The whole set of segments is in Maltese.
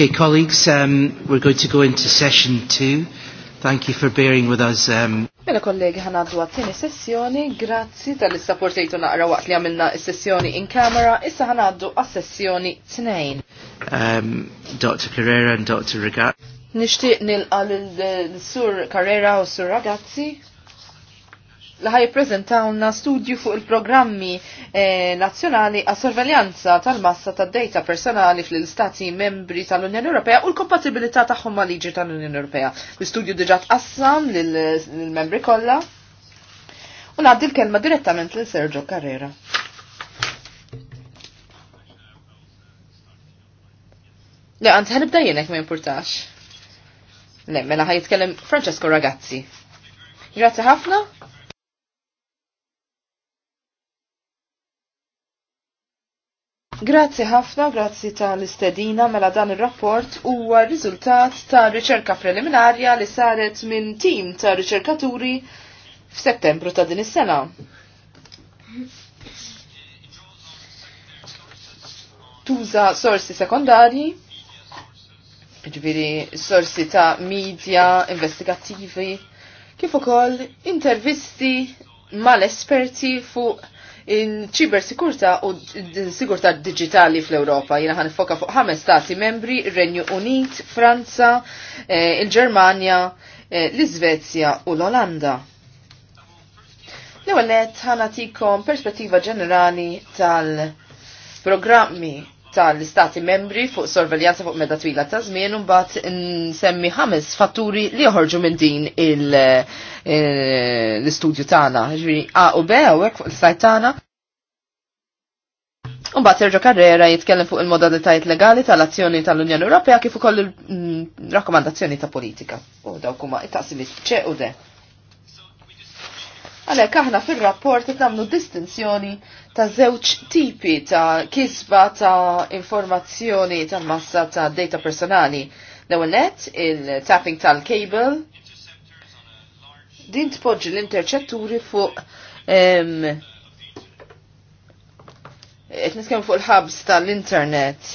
Okay, colleagues, um, we're going to go into session two. Thank you for bearing with us. Um. Mela kollegi ħana għaddu għattini sessjoni, grazzi tal-li naqra waqt li għamilna sessjoni in kamera, issa ħana għas-sessjoni tnejn. Um, Dr. Carrera and Dr. Ragazzi. Nishtiq nil eh, l-sur Carrera u sur Ragazzi li ħaj prezentawna studju fuq il-programmi eh, nazzjonali għas sorveljanza tal-massa tad data personali fl-istati membri tal-Unjoni Ewropea u l-kompatibilità tagħhom ma' liġi tal-Unjoni Ewropea. L-istudju diġà tqassam lill-membri kollha. U ngħaddi l-kelma direttament lil Sergio Carrera. Le, għant ħanibda jenek ma jimportax. Le, mela ħajitkellem Francesco Ragazzi. Grazzi ħafna. Grazzi ħafna, grazzi tal-istedina mela dan il-rapport huwa riżultat ta' riċerka preliminarja li saret minn tim ta' riċerkaturi f'Settembru ta' din is-sena. Tuża sorsi sekondarji, ġviri sorsi ta' media, investigattivi, kif ukoll intervisti mal-esperti fuq in-ċiber sikurta u sigurta digitali fl-Europa. Jina ħan foka fuq ħames stati membri, Renju Unit, Franza, eh, il-Germania, eh, l-Izvezja u l-Olanda. L-ewwel ħanatikom perspettiva ġenerali tal-programmi tal-istati membri fuq sorveljanza fuq meda twila ta' żmien un bat nsemmi ħames fatturi li joħorġu minn din eh, l-istudju tagħna. Ġifieri A u B hawnhekk fuq il-sajt tagħna. bat Sergio Carrera jitkellem fuq il-modalitajiet legali tal-azzjoni tal-Unjoni Ewropea kif ukoll il-rakkomandazzjoni mm, ta' politika. U dawk huma it-taqsimiet ċe u de. Għalek aħna fil-rapport namlu distinzjoni ta' zewċ tipi ta' kisba ta' informazzjoni ta' massa ta' data personali. L-ewwel net il-tapping tal-cable din tpoġġi l-interċetturi fuq etniskem fuq il-ħabs tal-internet.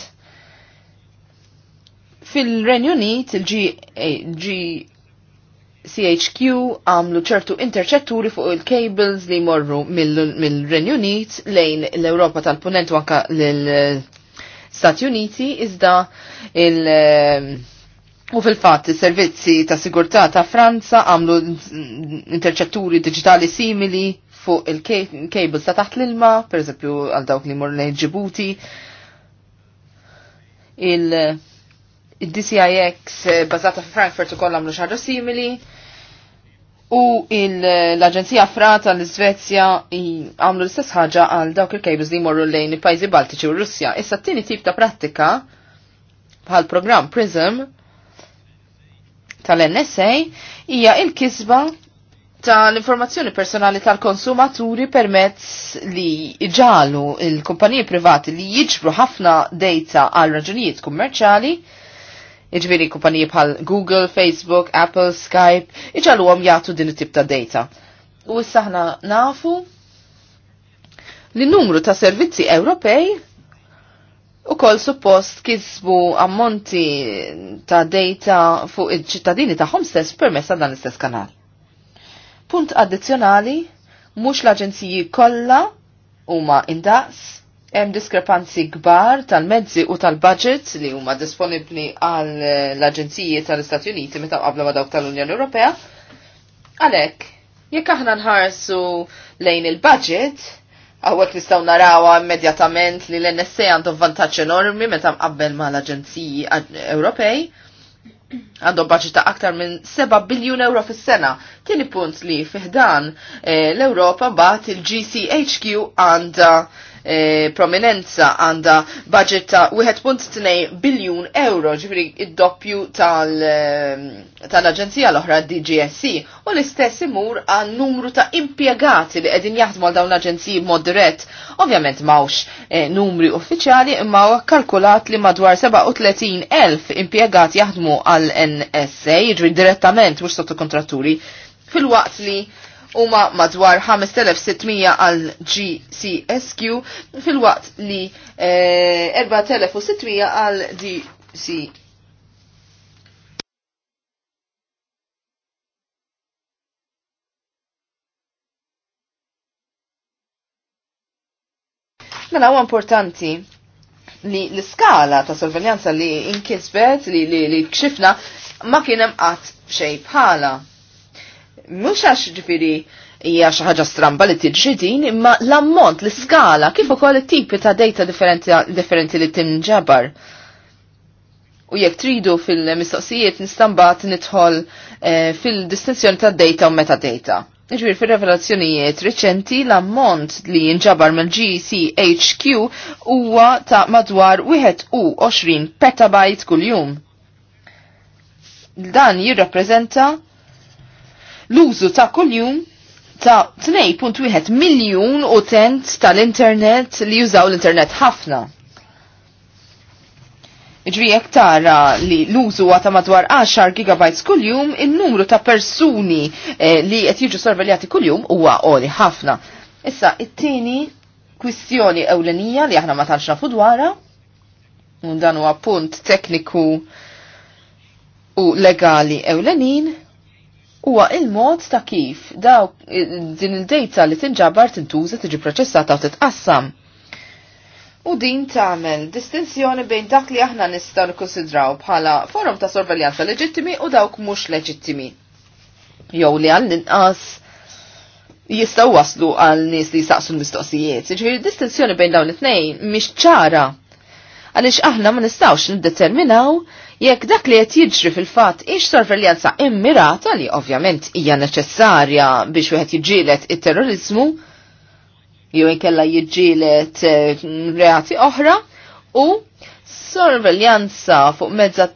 Fil-Renju Unit il-GAA CHQ għamlu ċertu interċetturi fuq il-cables li morru mill-Renju Unit lejn l-Europa tal-Punent u anka l-Stati Uniti iżda il- U fil-fatt, il-servizzi ta' sigurtà ta' Franza għamlu interċetturi digitali simili fuq il-cables ta' taħt l-ilma, per eżempju għal dawk li morru lejn Ġibuti. il- il-DCIX eh, bazata fi Frankfurt u kollam għamlu xaġa simili u l-Aġenzija Fra tal-Svezja għamlu l-istess ħaġa għal dawk il-kejbus li morru lejn il-pajzi Baltiċi u Russja. Issa t-tini tip ta' prattika bħal program PRISM tal-NSA hija il-kisba tal-informazzjoni personali tal-konsumaturi permezz li iġalu il-kumpaniji privati li jiġbru ħafna data għal raġunijiet kummerċali Iġveri kumpaniji bħal Google, Facebook, Apple, Skype, iġalu għom jgħatu din it-tip ta' data. U issa saħna nafu li numru ta' servizzi Ewropej u kol suppost kisbu ammonti ta' data fuq il-ċittadini tagħhom stess permess ta' dan l-istess kanal. Punt addizzjonali, mhux l-aġenziji kollha huma indaqs Hemm diskrepanzi kbar tal-mezzi u tal-budget li huma disponibbli għal eh, l-Aġenziji tal-Istati Uniti meta qabla ma dawk tal-Unjoni Ewropea. Għalhekk, jekk aħna nħarsu lejn il-budget, għawek nistaw narawa immedjatament li l-NSA għandhom vantaġġ enormi meta mqabbel ma l-Aġenziji Ewropej. Għandhom ta' aktar minn 7 biljun euro fis-sena. Tieni punt li fiħdan eh, l-Ewropa bat il-GCHQ għandha uh, E, prominenza għanda budget ta' 1.2 biljun euro ġifri id-doppju e, tal-Aġenzija tal l-oħra DGSC e. u l-istess imur għal numru ta' impiegati li qegħdin jaħdmu għal dawn l-aġenziji mod dirett. Ovvjament mawx e, numri uffiċjali imma kalkulat li madwar 37,000 impiegati jaħdmu għal NSA ġifri direttament mhux sottokontratturi fil-waqt li huma madwar 5600 għal GCSQ fil-waqt li 4600 eh, għal DC. Mela huwa importanti li l-skala ta' sorveljanza li inkisbet li li, li kxifna ma kienem qatt xej bħala mhux għax ġifieri hija xi ħaġa stramba li tiġi imma l-ammont, l-iskala, kif ukoll it-tipi ta' data differenti li tinġabar. U jekk tridu fil-mistoqsijiet nistambat nidħol eh, fil-distinzjoni ta' data u metadata. Ġbir fil-revelazzjonijiet reċenti l-ammont li jinġabar mill gchq huwa ta' madwar 21 petabyte kuljum. Dan jirrappreżenta l-użu ta' kuljum ta' 2.1 miljun utent tal-internet li jużaw l-internet ħafna. Iġri jek tara li l-użu għata madwar 10 gigabytes kuljum, il-numru ta' persuni eh, li qed jiġu sorveljati kuljum huwa għoli ħafna. Issa, it-tieni kwistjoni ewlenija li aħna ma tantx nafu dwarha, u dan huwa punt tekniku u legali ewlenin, huwa il-mod ta' kif daw din il-data li tinġabar tintuża tiġi proċessata u titqassam. U din tagħmel distinzjoni bejn dak li aħna nistgħu nikkonsidraw bħala forum ta' sorveljanza leġittimi u dawk mhux leġittimi. Jew li għall-inqas jistgħu waslu għal nies li jistaqsu l-mistoqsijiet. Ġifieri distinzjoni bejn dawn it-tnejn mhix ċara għaliex aħna ma nistgħux niddeterminaw jekk dak li qed jiġri fil-fatt hix sorveljanza immirata li ovvjament hija neċessarja biex wieħed jiġġielet it-terrorizmu jew inkella jiġġieled eh, reati oħra u sorveljanza fuq mezza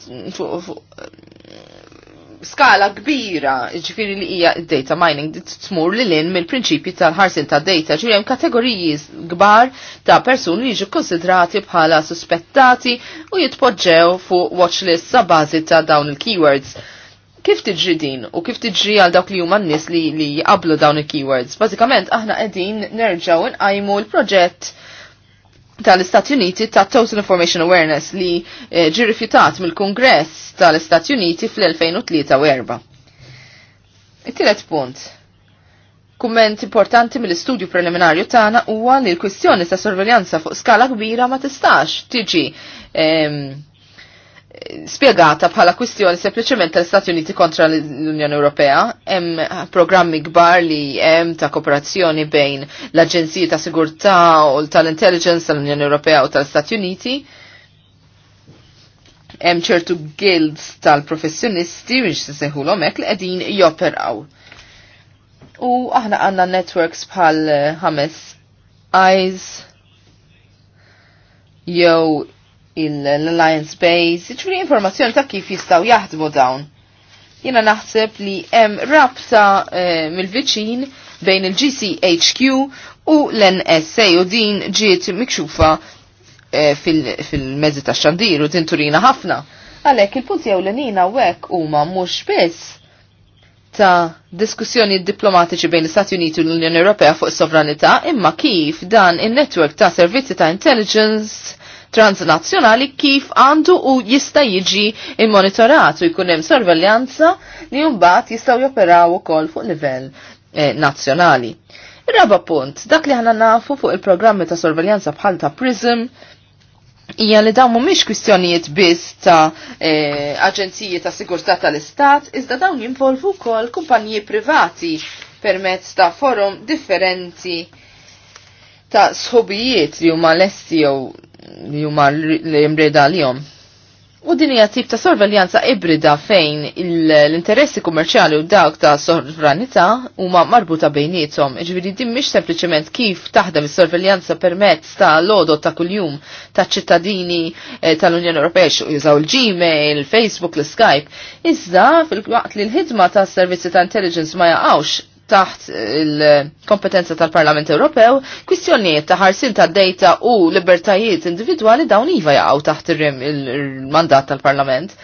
skala kbira, ġifiri li hija data mining tmur li l-in mill-prinċipji tal-ħarsin ta' data, ġifiri hemm kategoriji kbar ta' persuni li jiġu konsidrati bħala suspettati u jitpoġġew fuq watchlist sa' bażi ta' dawn il-keywords. Kif tiġri din u kif tiġri għal dawk li huma n-nies li jqablu dawn il-keywords? Bażikament aħna qegħdin nerġgħu nqajmu l-proġett tal-Istati Uniti ta' Total Information Awareness li eh, ġi rifjutat mill-Kongress tal-Istati Uniti fl-2003 u It-tielet punt. Kumment importanti mill-istudju preliminarju tagħna huwa li l-kwistjoni ta' sorveljanza fuq skala kbira ma tistax tiġi ehm, spiegata bħala kwistjoni sempliċement tal-Stati Uniti kontra l-Unjoni Ewropea. Hemm programmi kbar li hemm ta' kooperazzjoni bejn l-Aġenziji ta' Sigurtà u tal-Intelligence tal-Unjoni Ewropea u tal-Stati Uniti. Hemm ċertu guilds tal-professjonisti biex se seħulhom hekk li qegħdin joperaw. U aħna għandna networks bħal ħames eyes jew l-Alliance Base, ċviri informazzjoni ta' kif jistaw jaħdmu dawn. Jena naħseb li hemm rabta eh, mill-viċin bejn il-GCHQ u l-NSA u din ġiet mikxufa eh, fil-mezzi ta' xandir u din turina ħafna. Għalek il punt l-nina u għek u ma mux biss ta' diskussjoni diplomatiċi bejn l-Stati Uniti u l-Unjoni Ewropea fuq sovranità imma kif dan in netwerk ta' servizzi ta' intelligence transnazzjonali kif għandu u jista' jiġi immonitorat u jkun hemm sorveljanza li mbagħad jistgħu joperaw ukoll fuq livell eh, nazzjonali. Ir-raba punt, dak li ħana nafu fuq il-programmi ta' sorveljanza bħal ta' PRISM hija li dawn mhumiex kwistjonijiet biss ta' eh, aġenziji ta' sigurtà tal-Istat, iżda dawn jinvolvu wkoll kumpaniji privati permezz ta' forum differenti ta' sħobijiet li huma lesti jew li huma li jom. U din hija tip ta' sorveljanza ibrida fejn l-interessi kummerċjali u dawk ta' sovranità huma marbuta bejniethom. Ġifieri din mhix sempliċement kif taħdem is-sorveljanza permezz ta' lodo ta' kuljum ta' ċittadini eh, tal-Unjoni Ewropea jużaw il-Gmail, il-Facebook, l-Skype. Iżda fil-waqt li l-ħidma ta' servizzi ta' intelligence ma jaqgħux taħt il-kompetenza tal-Parlament Ewropew, kwistjonijiet ta' ħarsin ta' data u libertajiet individwali dawn iva jaqgħu taħt il-mandat tal-Parlament.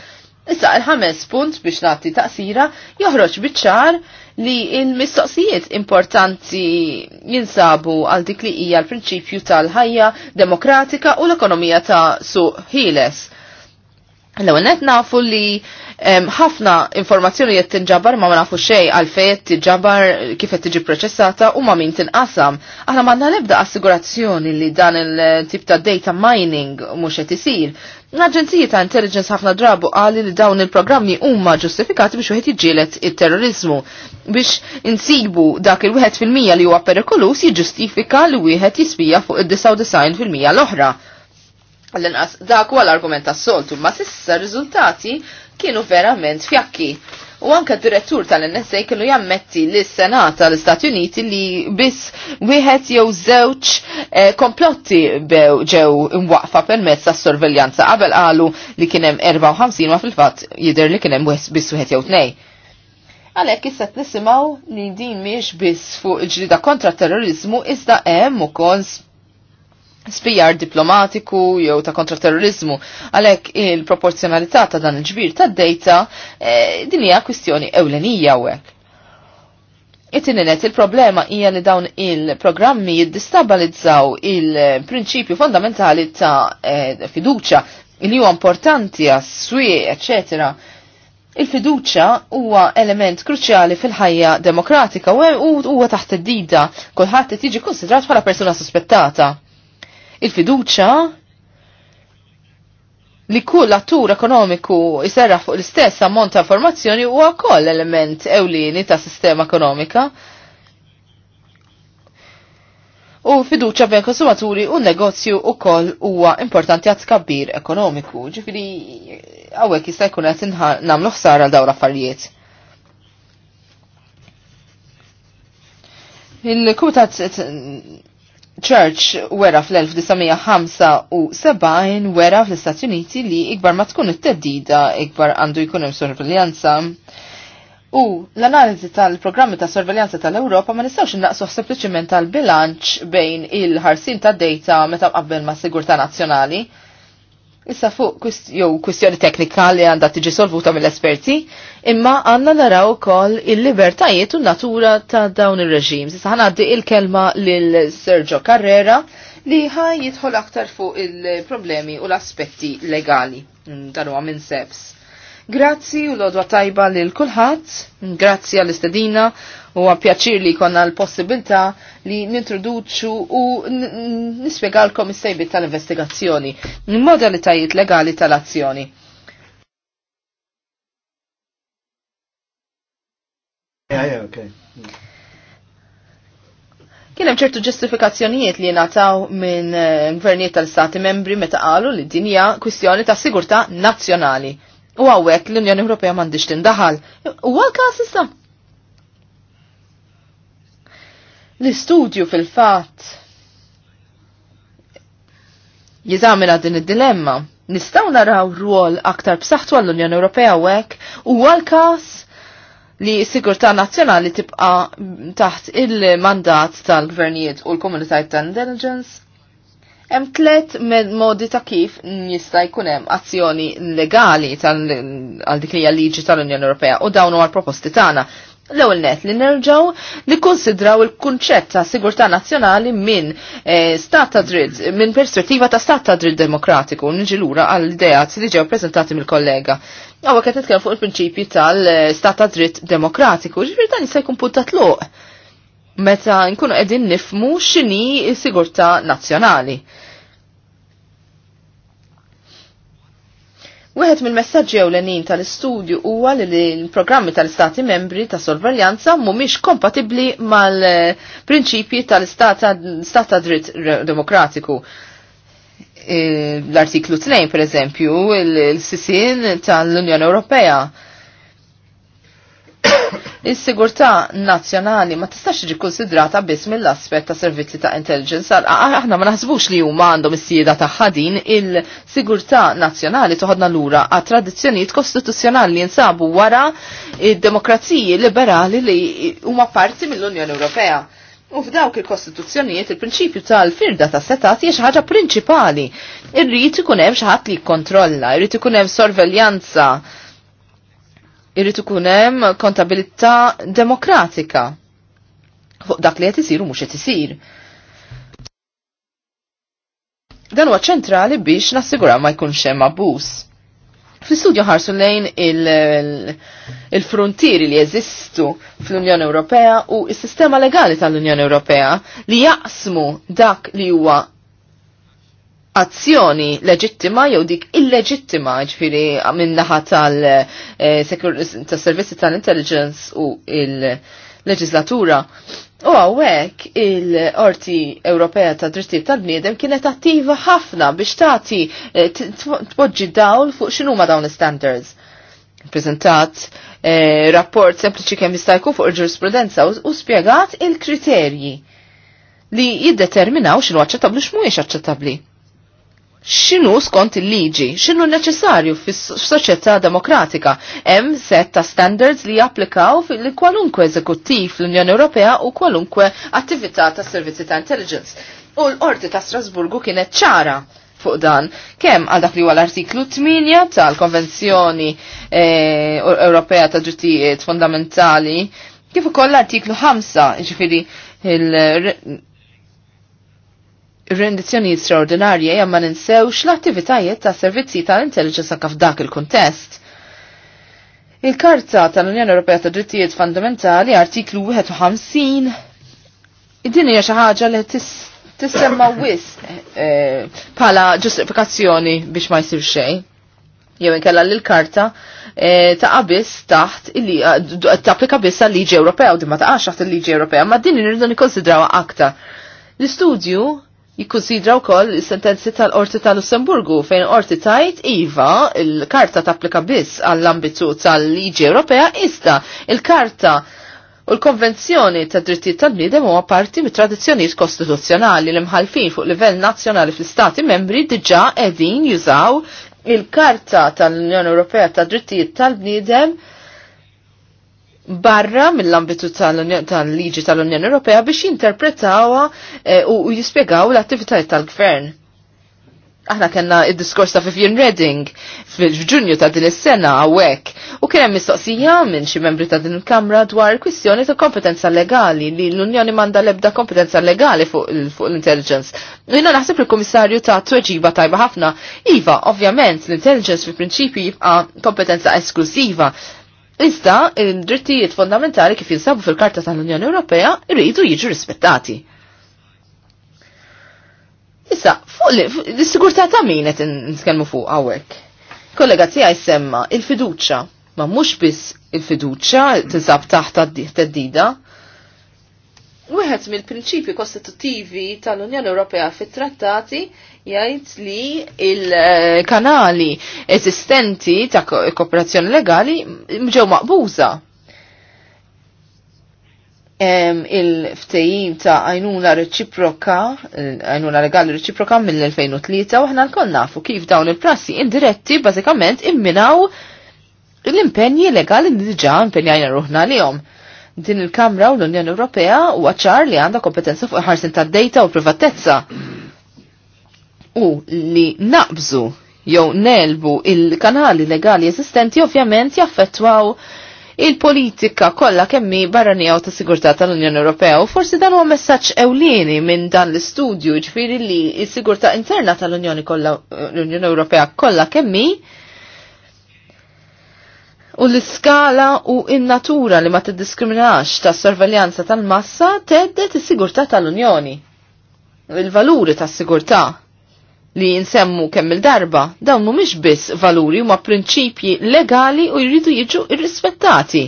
Issa il-ħames punt biex nagħti taqsira joħroġ biċ-ċar li il-mistoqsijiet importanti jinsabu għal dik li hija l-prinċipju tal-ħajja demokratika u l-ekonomija ta' suq ħieles L-ewwel net nafu li ħafna informazzjoni qed tinġabar ma ma nafu xejn għalfejn tinġabar kif qed tiġi proċessata u ma min tinqasam. Aħna manna l-ebda assigurazzjoni li dan il-tip ta' data mining mhux qed isir. l aġenzija ta' Intelligence ħafna drabu għali li dawn il-programmi huma ġustifikati biex wieħed jiġġieled it-terrorizmu biex insibu dak il-1% li huwa perikolus jiġġustifika li wieħed jispija fuq id-99% l-oħra L-inqas dak huwa l-argument tas-soltu, ma sissa riżultati kienu verament fjakki. U anka direttur tal-NSA kienu jammetti li s senata tal-Stati Uniti li biss wieħed jew żewġ eh, komplotti bew ġew imwaqfa permezz tas-sorveljanza qabel qalu li kien hemm 54 ma fil-fatt jidher li kien hemm biss wieħed jew tnej. Għalhekk issa nisimgħu li din mhix biss fuq il-ġlida kontra terrorizmu iżda hemm ukoll spijar diplomatiku jew ta' kontraterrorizmu. Għalhekk il-proporzjonalità ta' dan il-ġbir ta' data e, din hija kwistjoni ewlenija għek. it il-problema hija li dawn il-programmi jiddistabalizzaw il-prinċipju fondamentali ta' eh, fiduċa li huwa importanti għas-swieq, etc. Il-fiduċa huwa element kruċjali fil-ħajja demokratika u huwa taħt id-dida kulħadd tiġi konsidrat bħala persuna suspettata il-fiduċa li kull attur ekonomiku jiserra fuq l-istess ammont ta' formazzjoni huwa wkoll element ewlieni ta' sistema ekonomika. U fiduċa bejn konsumaturi u negozju u koll huwa importanti għat kabbir ekonomiku. Ġifiri, għawek jista' jkun qed namlu ħsara l-dawn affarijiet. Il-Kumitat Church wera fl-1975 wera fl-Istati Uniti li ikbar ma tkun it-teddida ikbar għandu jkun hemm sorveljanza. U l-analiżi tal-programmi ta' sorveljanza tal-Ewropa ma nistgħux innaqsuh sempliċiment tal-bilanċ bejn il-ħarsin tad data meta qabel ma' sigurtà nazzjonali. Issa fuq jew kwistjoni teknika li għandha tiġi solvuta mill-esperti, imma għandna naraw ukoll il-libertajiet u natura ta' dawn ir-reġim. Issa ħanaddi il-kelma lil Sergio Carrera li ħaj jidħol aktar fuq il-problemi u l-aspetti legali mm, dan huwa minn seps. Grazzi u l-odwa tajba lil kulħadd, grazzi għall-istedina U għapjaċir li konna l-possibilta li nintroduċu u nispiegalkom is-sejbit tal-investigazzjoni, modalitajiet legali tal-azzjoni. Kien hemm ċertu ġustifikazzjonijiet li ngħataw minn eh, gvernijiet tal-Stati membri meta qalu li din hija kwistjoni ta' sigurtà nazzjonali. U għawek l-Unjoni Ewropea m'għandix tindaħal. U għal kas issa L-istudju fil-fat jizamina din id-dilemma. Nistaw naraw rwol aktar b'saħħtu għall-Unjoni Ewropea u hekk u għal-każ li s-sigurtà nazzjonali tibqa' taħt il-mandat tal-gvernijiet u l komunitajt tal intelligence. Hemm tliet modi ta' kif jista' jkun hemm azzjoni legali għal dik hija liġi tal-Unjoni Ewropea u dawn huwa l-proposti tagħna l-ewwel net li nerġgħu nikkonsidraw il-kunċett ta' sigurtà nazzjonali minn eh, stat ta' dritt, minn perspettiva ta' stat ta' dritt demokratiku, niġi lura għal ideat li ġew preżentati mill-kollega. Għawa qed nitkellem fuq il-prinċipji tal-stat eh, ta' dritt demokratiku, ġifier dan jista' jkun punt ta' tluq meta nkunu qegħdin nifmu x'inhi s-sigurtà nazzjonali. Wieħed mill-messaġġi ewlenin tal-istudju huwa li l-programmi tal-Stati membri ta' sorveljanza mhumiex kompatibbli mal-prinċipji tal-Stat ta' dritt demokratiku. E, L-artiklu 2, per eżempju, l-sisin tal-Unjoni Ewropea Is-sigurtà nazzjonali ma tistax ġi konsidrata biss mill-aspett ta' servizzi ta' intelligence għal aħna ma naħsbux li huma għandhom is-sieda ta' ħadin, il-sigurtà nazzjonali toħodna lura għat tradizzjonijiet kostituzzjonali li jinsabu wara id-demokraziji liberali li huma parti mill-Unjoni Ewropea. U f'dawk il-kostituzzjonijiet il-prinċipju tal-firda ta' setat hija xi ħaġa prinċipali. Irrid ikun hemm xi ħadd li jikkontrolla, irrid ikun hemm sorveljanza irrid ikun hemm kontabilità demokratika fuq dak li qed isir u mhux qed isir. Dan huwa ċentrali biex nassiguraw ma jkunx hemm abbuż. Fl-istudju ħarsu lejn il-frontieri li jeżistu fl-Unjoni Ewropea u s-sistema legali tal-Unjoni Ewropea li jaqsmu dak li huwa azzjoni leġittima jew dik illeġittima ġifiri minnaħa tal-servizzi eh, tal-intelligence u il-leġislatura. U għawek il-Orti Ewropea ta' Drittijiet tal-Bniedem kienet attiva ħafna biex tagħti eh, tpoġġi dawl fuq x'inhuma dawn il standards Prezentat eh, rapport sempliċi kemm jista' jkun fuq il-ġurisprudenza u spjegat il-kriterji li jiddeterminaw x'inhu aċċettabbli x'mhuwiex aċċettabbli xinu skont il-liġi, xinu neċessarju fis soċjetà demokratika, hemm set ta' standards li applikaw fil kwalunkwe eżekuttiv l-Unjoni Ewropea u kwalunkwe attività ta' servizzi ta' intelligence. U l-Orti ta' Strasburgu kienet ċara fuq dan, kemm għal dak li huwa l-artiklu 8 tal-Konvenzjoni eh, Ewropea ta' Drittijiet Fundamentali, kif ukoll l-artiklu 5, ġifiri il rendizzjonijiet straordinarji jemma ninsewx l-attivitajiet ta' servizzi tal-intelligence anka f'dak il-kuntest. Il-Karta tal-Unjoni Ewropea ta' Drittijiet Fundamentali artiklu 51 id dini hija xi ħaġa li tissemma wis eh, bħala ġustifikazzjoni biex ma jsir xejn. Jew inkella l karta eh, ta' qabis taħt illi eh, tapplika biss għal liġi Ewropea u din ma taqax taħt il-liġi Ewropea, ma din irridu nikkonsidrawha aktar. L-istudju jikkonsidraw kol sentenzi tal-Orti tal-Lussemburgu fejn orti tajt iva il-karta tapplika biss għall-ambitu tal-liġi Ewropea iżda il-karta u l-konvenzjoni ta' drittijiet tal-bniedem huwa parti mit tradizzjonijiet kostituzzjonali li mħalfin fuq livell nazzjonali fl-istati membri diġà qegħdin jużaw il-karta tal-Unjoni Ewropea ta' drittijiet tal-bniedem barra mill-ambitu tal-liġi tal-Unjoni Ewropea biex jinterpretawa eh, u jispjegaw l-attivitajiet tal-gvern. Aħna kena id-diskors ta' Vivian Redding fil-ġunju ta' din is-sena għawek u kien hemm mistoqsija minn xi membri ta' din il-Kamra dwar kwistjoni ta' kompetenza legali li l-Unjoni manda l-ebda kompetenza legali fuq l-intelligence. U jiena naħseb il-Kummissarju ta' tweġiba tajba ħafna. Iva, ovvjament, l-intelligence fil-prinċipju jibqa' kompetenza esklusiva Issa id-drittijiet fondamentali kif jinsabu fil-Karta tal-Unjoni Ewropea rridu jiġu rispettati. Issa, fuq l-sigurtà ta' min qed nitkellmu fuq hawnhekk. Kollega tiegħi semma il-fiduċja, ma mhux biss il-fiduċja tinsab taħt tad-dida. Wieħed mill-prinċipji kostituttivi tal-Unjoni Ewropea fit-trattati jgħid li il-kanali eżistenti ta' kooperazzjoni legali ġew maqbuża. Il-ftejim ta' għajnuna reċiproka, għajnuna legali reċiproka mill-2003 u ħna l-kon nafu kif dawn il-prassi indiretti bażikament imminaw l-impenji legali li diġa impenjajna ruħna li jom din il-Kamra u l-Unjoni Ewropea u għacċar li għanda kompetenza fuq ħarsin ta' data u privatezza u li naqbżu jew nelbu il-kanali legali eżistenti ovvjament jaffettwaw il-politika kollha kemmi barranija ta' sigurtà tal-Unjoni Ewropea u forsi dan huwa messaġġ ewlieni minn dan l-istudju ġifieri li s-sigurtà interna tal-Unjoni kollha l-Unjoni Ewropea kollha kemmi u l-iskala u in-natura li ma tiddiskriminax ta' sorveljanza tal-massa tedde is-sigurtà tal-Unjoni. Il-valuri tas-sigurtà li jinsemmu kemm il-darba, dawn mhumiex biss valuri huma prinċipji legali u jridu jiġu irrispettati.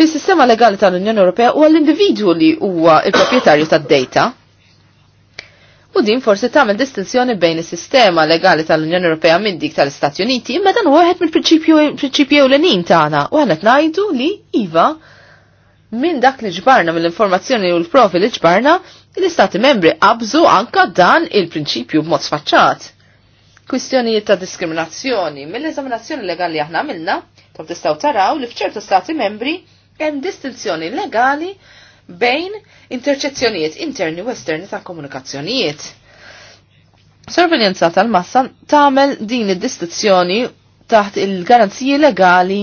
Fis-sistema legali tal-Unjoni Ewropea huwa l-individwu li huwa il-proprjetarju tad-data. U din forsi tagħmel distinzjoni bejn is-sistema legali tal-Unjoni Ewropea minn dik tal-Istati Uniti, imma dan huwa wieħed mill-prinċipju ewlenin tagħna u għanet ngħidu li iva minn dak li ġbarna mill-informazzjoni u l-profi li ġbarna, l-istati membri qabżu anka dan il-prinċipju b'mod sfaċċat. Kwistjonijiet ta' diskriminazzjoni mill-eżaminazzjoni legali aħna għamilna, tom tistaw taraw li f'ċertu stati membri hemm distinzjoni legali bejn interċezzjonijiet interni u esterni ta' komunikazzjonijiet. Sorvenjenza tal-massa tagħmel din id-distinzjoni taħt il-garanziji legali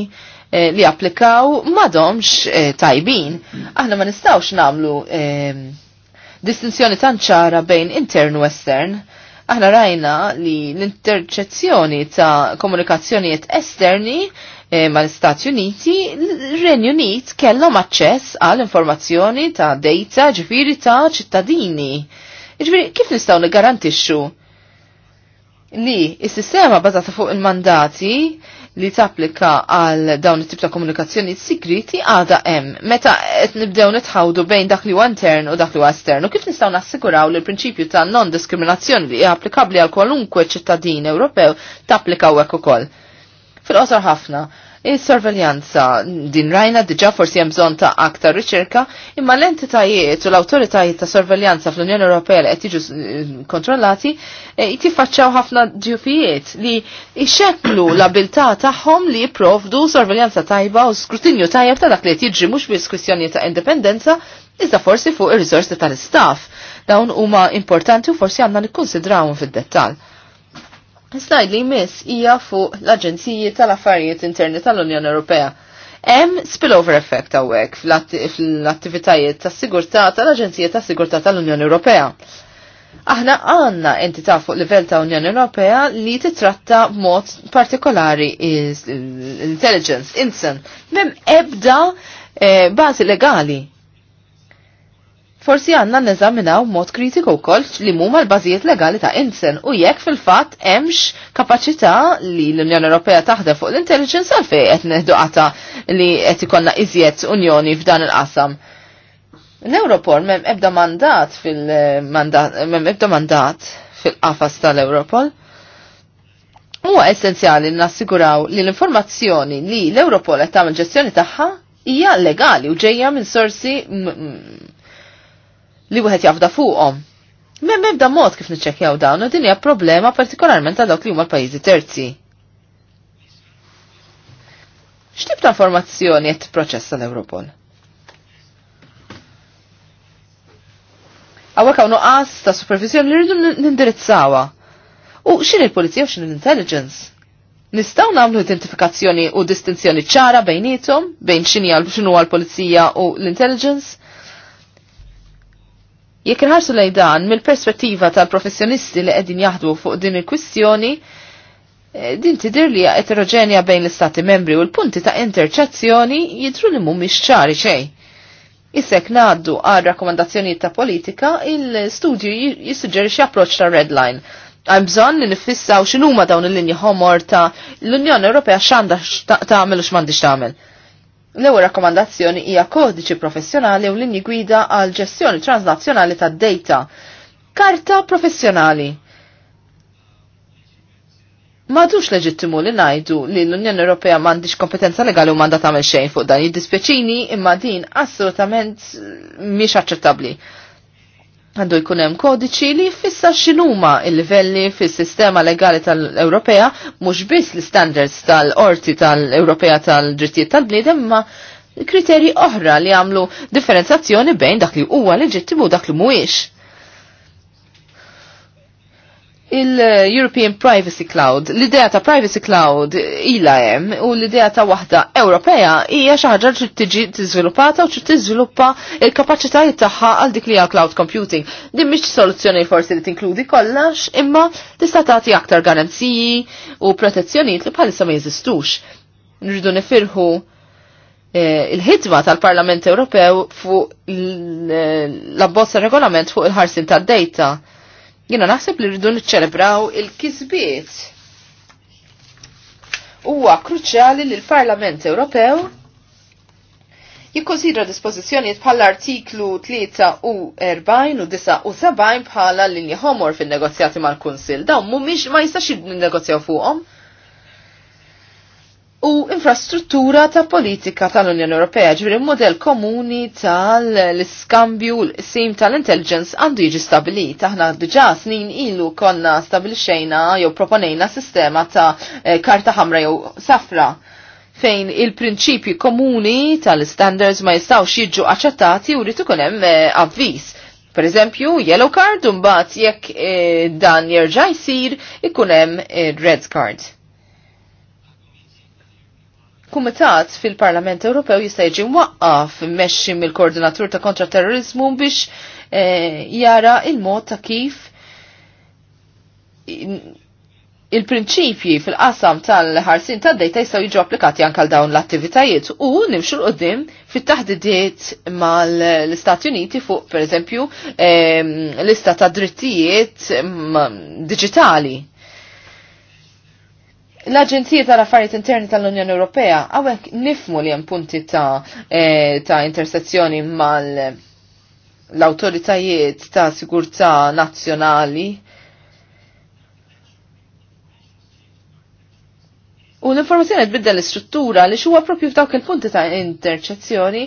Eh, li applikaw madomx eh, tajbin. Aħna ma nistawx namlu ehm, distinzjoni tanċara bejn intern u estern. Aħna rajna li l-interċezzjoni ta' komunikazzjonijiet esterni eh, ma l-Stati Uniti, l-Renju Unit kellhom aċċess għal informazzjoni ta' data ġifiri ta' ċittadini. Ġifiri, kif nistgħu nigarantixxu li s-sistema bazata fuq il-mandati li tapplika għal dawn it-tip ta' komunikazzjoni sigriti għada hemm. Meta qed nibdew nitħawdu bejn dak li huwa intern u dak li huwa estern u kif nistgħu nassiguraw li l-prinċipju ta' non-diskriminazzjoni li hija applikabbli għal kwalunkwe ċittadin Ewropew tapplika hekk ukoll. Fil-qosor ħafna, Is-sorveljanza din rajna diġa forsi hemm bżonn ta' aktar riċerka, imma l-entitajiet u l-awtoritajiet ta' sorveljanza fl-Unjoni Ewropea li qed jiġu eh, kontrollati eh, jtiffaċċaw ħafna ġufijiet li jxekklu l-abilità tagħhom li jipprovdu sorveljanza tajba u skrutinju tajjeb ta' dak li qed jiġri mhux biss kwistjoni ta' indipendenza, iżda forsi fuq ir-riżorsi tal-istaff. Dawn huma importanti u forsi għandna nikkonsidrawhom fid-dettall. Is-snajd li jmiss hija fuq l-Aġenziji tal-Affarijiet Interni tal-Unjoni Ewropea. Hemm spillover effect hawnhekk fl-attivitajiet tas-sigurtà tal-Aġenzija tas-Sigurtà tal-Unjoni Ewropea. Aħna għanna entità fuq livell ta' Unjoni Ewropea li titratta mod partikolari l-intelligence, insen, mem ebda eh, bażi legali forsi għanna neżaminaw mod kritiku wkoll li mhu l-bażijiet legali ta' Insen u jekk fil-fatt hemmx kapaċità li l-Unjoni Ewropea taħdem fuq l-intelligence għal fejn qed neħdu qata li qed ikollna iżjed Unjoni f'dan il-qasam. L-Europol mem ebda mandat fil-mandat mem ebda mandat fil-qafas tal-Europol. Huwa essenzjali nassiguraw li l-informazzjoni li l-Europol qed tagħmel ġestjoni tagħha hija legali u ġejja minn sorsi li wieħed jafda fuqhom. Mem ebda mod kif niċċekkjaw dawn u din hija problema partikolarment għal dawk li huma l-pajjiżi terzi. X'tib ta' informazzjoni qed tipproċessa l ewropol Għawek għaw nuqqas ta' supervizjoni li rridu nindirizzawa. U xin il-polizija u xin l-intelligence? Nistaw namlu identifikazzjoni u distinzjoni ċara bejnietom, bejn xini għal xinu għal polizija u l-intelligence? Jekk inħarsu dan mill-perspettiva tal-professjonisti li qegħdin jaħdmu fuq din il-kwistjoni, eh, din tidir li eterogenja bejn l-istati membri u l-punti ta' interċazzjoni jidru li mhumiex ċari xejn. Isek naddu għal rakkomandazzjonijiet ta' politika, il-studju jissuġġerixxi approċċ ta' red line. Għan bżon li nifissaw x'inhuma dawn il-linji homor ta' l-Unjoni Ewropea x'għandha tagħmel u x'mandix tagħmel. Ta L-ewwel rakkomandazzjoni hija kodiċi professjonali u linji gwida għal ġestjoni transnazzjonali tad-data. Karta professjonali. Madux leġittimu li najdu li l-Unjoni Ewropea m'għandix kompetenza legali u mandat tagħmel xejn fuq dan jiddispjaċini imma din assolutament mhix aċċettabbli għandu jkun hemm kodiċi li jfissa x'inhuma il-livelli fis-sistema legali tal-Ewropea mhux biss l-standards tal-Orti tal-Ewropea tal-Drittijiet tal-Bniedem ma kriterji oħra li għamlu differenzazzjoni bejn dak li huwa leġittimu u dak li mhuwiex il-European Privacy Cloud, l-idea ta' Privacy Cloud ila hemm u l-idea ta' waħda Ewropea hija xi ħaġa li tiġi tiżviluppata u tiżviluppa l-kapaċitajiet tagħha għal dik li hija cloud computing. Din mhix soluzzjoni forsi li tinkludi kollox, imma tista' tagħti aktar garanziji u protezzjonijiet li bħalissa ma jeżistux. Nridu nifirħu eh, il-ħidma tal-Parlament Ewropew fuq eh, l-abbozza regolament fuq il-ħarsin tad-data jina naħseb li rridu niċċelebraw il-kisbiet. Huwa kruċjali li l-Parlament Ewropew jikkonsidra dispożizzjonijiet bħala artiklu 3 u 40 u 9 u 70 bħala linja homor fin-negozjati mal-Kunsill. Dawn mhumiex ma jistax jinnegozjaw fuqhom u infrastruttura ta' politika tal-Unjoni Ewropea, ġviri model komuni tal-iskambju l-sim tal-intelligence għandu jiġi stabilit. Aħna diġa snin ilu konna stabilixejna jew proponejna sistema ta' eh, karta ħamra jew safra fejn il-prinċipji komuni tal-standards ma jistawx jiġu aċċettati u rritu kunem eh, avviz. Per eżempju, yellow card, un bat jekk eh, dan jirġaj sir, ikunem red card kumitat fil-Parlament Ewropew jista' jiġi mwaqqaf immexxi mill-Koordinatur ta' Kontraterrorizmu biex eh, jara il-mod ta' kif il-prinċipji fil-qasam tal-ħarsin tad dejta jistgħu jiġu applikati anke għal dawn l-attivitajiet u nimxu l qudiem fit-taħdidiet mal-Istati Uniti fuq pereżempju eh, l-ista ta' drittijiet digitali l-Aġenzija tal-Affarijiet Interni tal-Unjoni Ewropea għawek nifmu li hemm punti ta', e, ta intersezzjoni mal l-autoritajiet ta' sigurtà nazzjonali. U l-informazzjoni tbiddel l-istruttura li xuwa propju f'dawk il-punti ta' intersezzjoni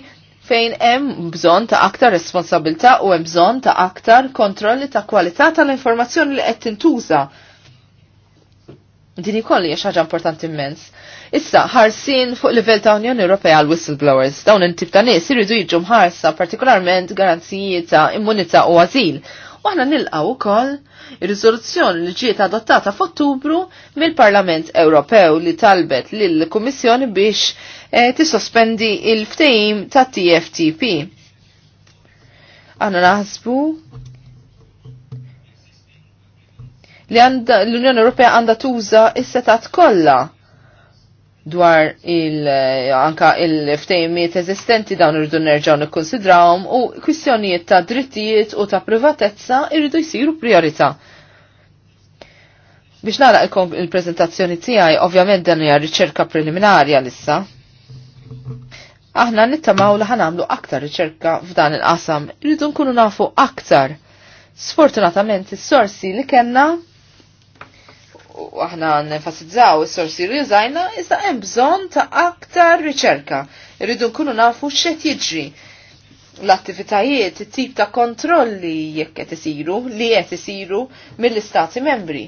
fejn hemm bżonn ta' aktar responsabilità u hemm bżonn ta' aktar kontrolli ta' kwalità tal-informazzjoni li qed tintuża Din ikolli hija ħaġa importanti immens. Issa ħarsin fuq livell ta' Unjoni Ewropea għal whistleblowers. Dawn intib ta' nies iridu jiġu mħarsa partikolarment garanziji ta' immunità u għażil. U aħna nilqgħu ukoll ir-riżoluzzjoni li ġiet adottata f'Ottubru mill-Parlament Ewropew li talbet lill kummissjoni biex eh, tissospendi il-ftehim ta' TFTP. Aħna naħsbu li l-Unjoni Ewropea għandha tuża is-setat kollha dwar il anka il-ftejmiet eżistenti dawn irridu nerġgħu nikkonsidrawhom u kwistjonijiet ta' drittijiet u ta' privatezza irridu jsiru priorità. Biex naraq il-prezentazzjoni tiegħi, ovvjament dan hija riċerka preliminarja lissa. Aħna nittamaw li ħanamlu aktar riċerka f'dan il-qasam, irridu nkunu nafu aktar. Sfortunatament is-sorsi li kellna aħna nenfasizzaw is-sorsi li jużajna, iżda hemm bżonn ta' aktar riċerka. Irridu nkunu nafu x'qed jiġri l-attivitajiet, it-tip ta' kontrolli jekk qed isiru, li qed isiru mill-istati membri.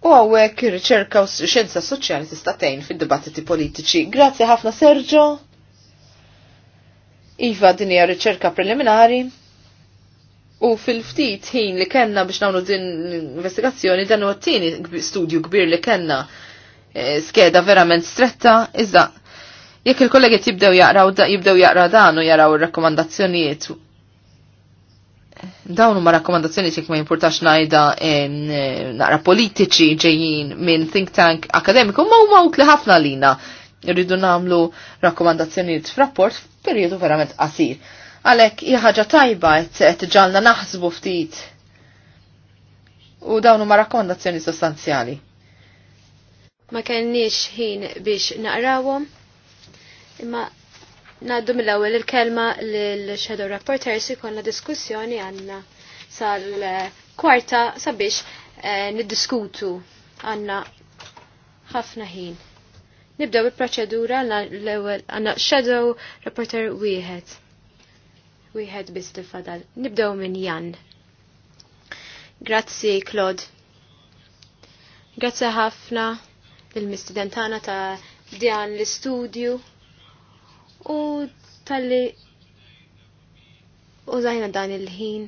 U għawek riċerka u xenza soċjali tista' tgħin fid-dibattiti politiċi. Grazzi ħafna Sergio. Iva din hija riċerka preliminari U fil-ftit ħin li kellna biex nagħmlu din l-investigazzjoni dan huwa t-tieni studju kbir li kellna e, skeda verament stretta, iżda jekk il-kollegi jibdew jaqraw jibdew jaqra dan u jaraw ir-rakkomandazzjonijiet dawn huma rakkomandazzjonijiet jekk ma jimpurtax ngħidha e, naqra politiċi ġejjin minn think tank akademiku ma huma utli ħafna lina. rridu nagħmlu rakkomandazzjonijiet f'rapport f'perjodu verament qasir. Għalek ħaġa tajba qed ġalna naħsbu ftit. U dawn huma rakkomandazzjoni sostanzjali. Ma kenniex ħin biex naqrawhom, imma ngħaddu mill-ewwel il-kelma l Shadow Rapporters ikollna diskussjoni għandna sal-kwarta sabiex eh, niddiskutu għandna ħafna ħin. Nibdew il-proċedura l-ewwel għandna Shadow Rapporter wieħed wieħed biss fadal. Nibdew minn Jan. Grazzi Claude. Grazzi ħafna lill-mistudentana ta' dan l-istudju u tal-li użajna dan il-ħin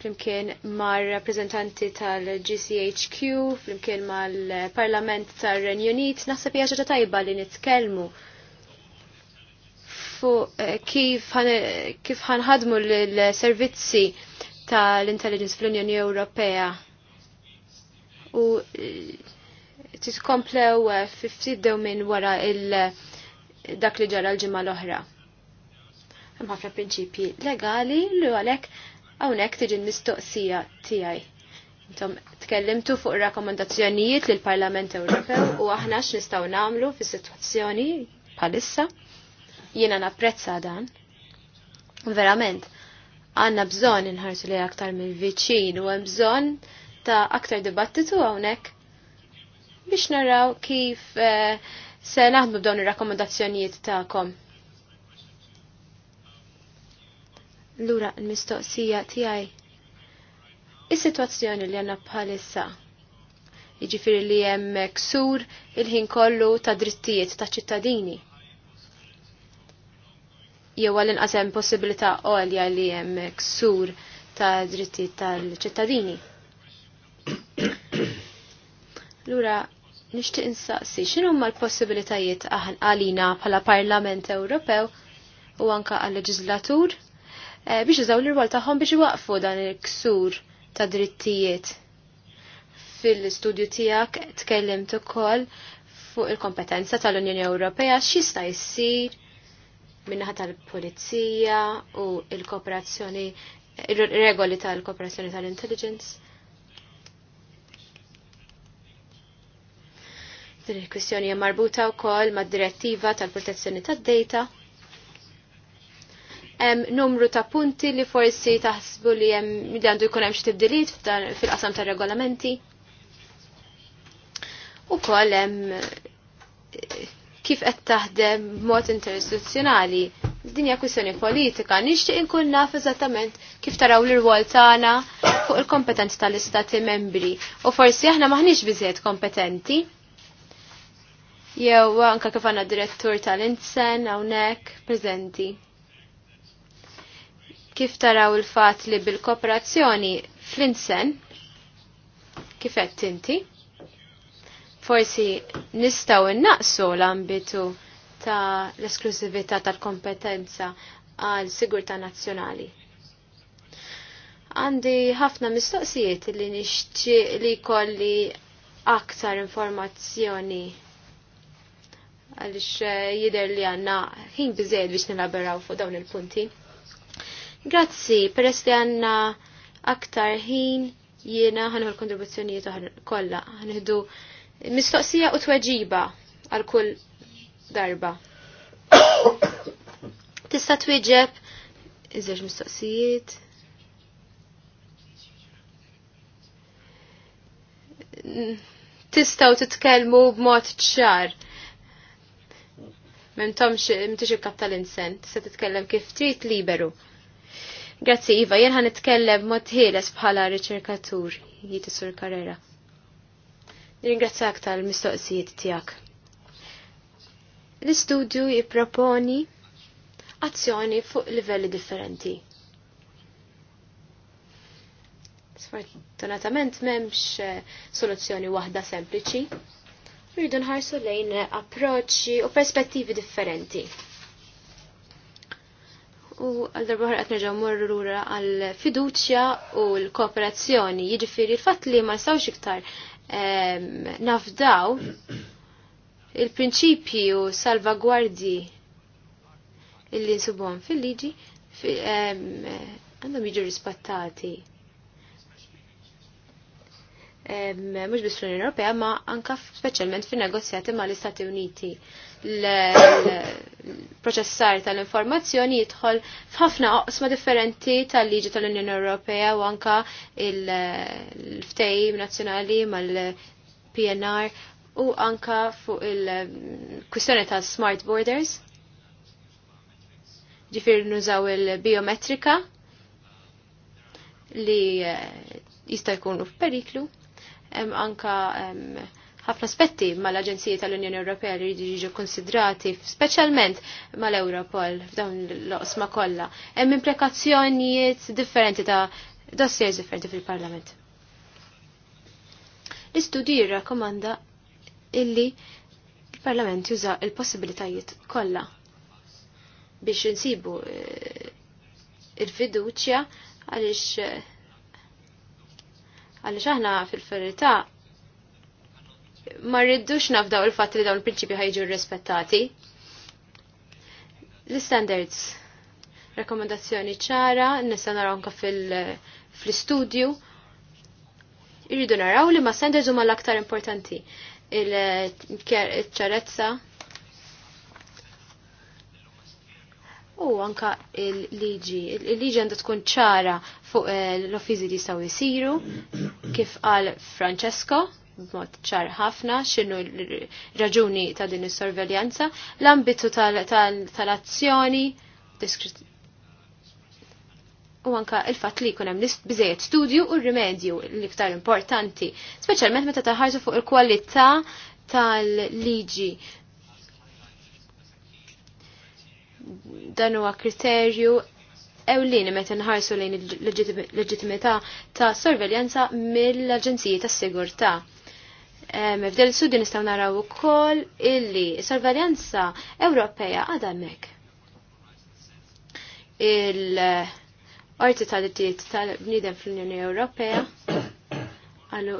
flimkien mar rappresentanti tal-GCHQ, flimkien mal-Parlament tal-Renju Unit, naħseb hija tajba li nitkellmu nafu eh, kif ħanħadmu l-servizzi tal-intelligence fl-Unjoni Ewropea u eh, titkomplew eh, fiftiddew minn wara dak li ġara l-ġimgħa l-oħra. Hemm ħafna prinċipji legali li għalhekk hawnhekk tiġi l-mistoqsija tiegħi. Intom tkellimtu fuq rakkomandazzjonijiet lill parlament Ewropew u aħna x'nistgħu nagħmlu fis-sitwazzjoni bħalissa. Jiena napprezza dan. Verament, għanna bżon inħarsu li aktar minn viċin u hemm bżon ta' aktar dibattitu hawnhekk biex naraw kif eh, se naħdmu b'dawn ir-rakkomandazzjonijiet tagħkom. Lura l-mistoqsija tiegħi is-sitwazzjoni li għandna bħalissa. Jiġifieri li hemm ksur il-ħin kollu ta' drittijiet ta' ċittadini jew għal inqasem possibilità għolja li hemm ksur ta' dritti tal-ċittadini. Lura, nixtieq insaqsi xinu ma l-possibilitajiet għalina bħala Parlament Ewropew u anka għal leġislatur eh, biex iżaw l-irwol tagħhom biex iwaqfu dan il-ksur ta' drittijiet. Fil-studju tiegħek tkellimt ukoll fuq il-kompetenza tal-Unjoni Ewropea x'jista' jsir minnaħa tal-polizija u il-kooperazzjoni, il-regoli tal-kooperazzjoni tal-intelligence. Din il-kwistjoni hija marbuta wkoll mad-direttiva tal-protezzjoni tad-data. Hemm numru ta' punti li forsi taħsbu li hemm li għandu jkun hemm xi fil-qasam tar-regolamenti. Ukoll hemm kif qed taħdem b'mod interistituzzjonali. Din hija kwistjoni politika, nixtieq inkun naf eżattament kif taraw l-irwol tagħna fuq il-kompetenzi tal-istati membri u forsi aħna maħniex biżjed kompetenti. Jew anka kif għandna direttur tal-Insen hawnhekk preżenti. Kif taraw il-fatt li bil-kooperazzjoni fl-Insen kif qed inti? forsi nistaw innaqsu l-ambitu ta' l-esklusività tal-kompetenza għal sigurtà nazzjonali. Għandi ħafna mistoqsijiet li nixti li kolli aktar informazzjoni għalix eh, jider li għanna ħin bizzejed biex nilaberaw fuq dawn il-punti. Grazzi, peress li għanna aktar ħin jiena ħanħu l-kontribuzzjonijiet kollha ħanħdu mistoqsija u tweġiba għal kull darba. Tista' twieġeb iż mistoqsijiet. Tistaw titkellmu b'mod ċar. M'intomx m'tix kapta l-insen, tista' titkellem kif trid liberu. Grazzi Iva, jien ħan nitkellem mod ħieles bħala riċerkatur jitisur karera. sur Karrera. Ringrazzak tal-mistoqsijiet tiegħek. L-istudju jipproponi azzjoni fuq livelli differenti. Sfortunatament m'hemmx eh, soluzzjoni waħda sempliċi. Rridu nħarsu lejn approċċi u perspettivi differenti. U għal-darba qed nerġa' mmorru lura għall-fiduċja u l-kooperazzjoni, jiġifieri l-fatt li ma nistgħux iktar nafdaw il-prinċipji u li illi nsubhom fil-liġi għandhom jiġu rispettati. Mhux biss fl-Unjoni Ewropea, ma anka speċjalment fin-negozjati mal-Istati Uniti l-proċessar tal-informazzjoni jidħol f'ħafna oqsma differenti tal-liġi tal-Unjoni Ewropea u anka l-ftejim nazzjonali mal-PNR u anka fuq il-kwistjoni ta' smart borders. Ġifir nużaw il-biometrika li eh, jista' jkunu f'periklu. Anka um, ħafna aspetti mal-Aġenziji tal-Unjoni Ewropea li jridu jiġu konsidrati, speċjalment mal-Europol f'dawn l-osma kollha. Hemm implikazzjonijiet differenti ta' dossiers differenti fil-Parlament. L-istudju rrakkomanda illi il-Parlament juża il-possibilitajiet kollha biex insibu eh, il-fiduċja għaliex eh, għaliex aħna fil ferità ma rridux nafdaw il-fatt li dawn il-prinċipju ħajġu rispettati. L-standards, rekomendazzjoni ċara, nista naraw anka fil studio Irridu naraw li ma standards huma l-aktar importanti. Il-ċarezza, u anka il-liġi. Il-liġi għandha tkun ċara fuq eh, l-offizi li saw jisiru, kif qal Francesco b'mod ċar ħafna x'inhu raġuni ta' din is-sorveljanza, l-ambitu tal-azzjoni, u anka il-fatt li jkun hemm biżejjed studju u rimedju l-iktar importanti, speċjalment meta taħarsu fuq il-kwalità tal-liġi dan huwa kriterju ewlieni meta nħarsu lejn il-leġitimità ta' sorveljanza mill-Aġenziji tas-Sigurtà. F'del sud nistgħu naraw ukoll illi sorveljanza Ewropea għadha hemmhekk. Il-Orti tal-Dittijiet tal-Bniedem fl-Unjoni Ewropea għallu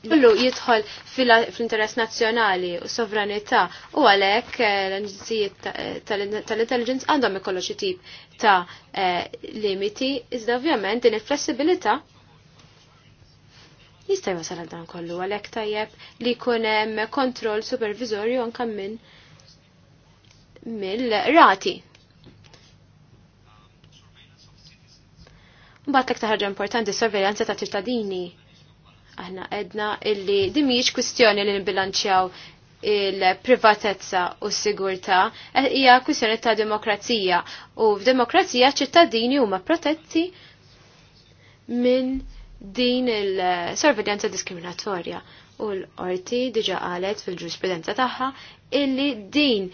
Kullu jidħol fil-interess nazzjonali u sovranità u għalhekk eh, l-aġenzijiet tal-intelligence għandhom ikollu xi tip ta' eh, limiti, iżda ovvjament din il-flessibilità jista' wasal dan kollu għalhekk tajjeb li jkun hemm kontroll supervizorju anke minn mill-rati. Mbagħad l-iktar ħaġa importanti sorveljanza ta' ċittadini. Aħna edna illi din mhijiex kwistjoni li nbilanċjaw il-privatezza u s-sigurta hija kwistjoni ta' demokrazija u f'demokrazija ċittadini huma protetti minn din il-sorveljanza diskriminatorja u l-orti diġa qalet fil-ġurisprudenza tagħha illi din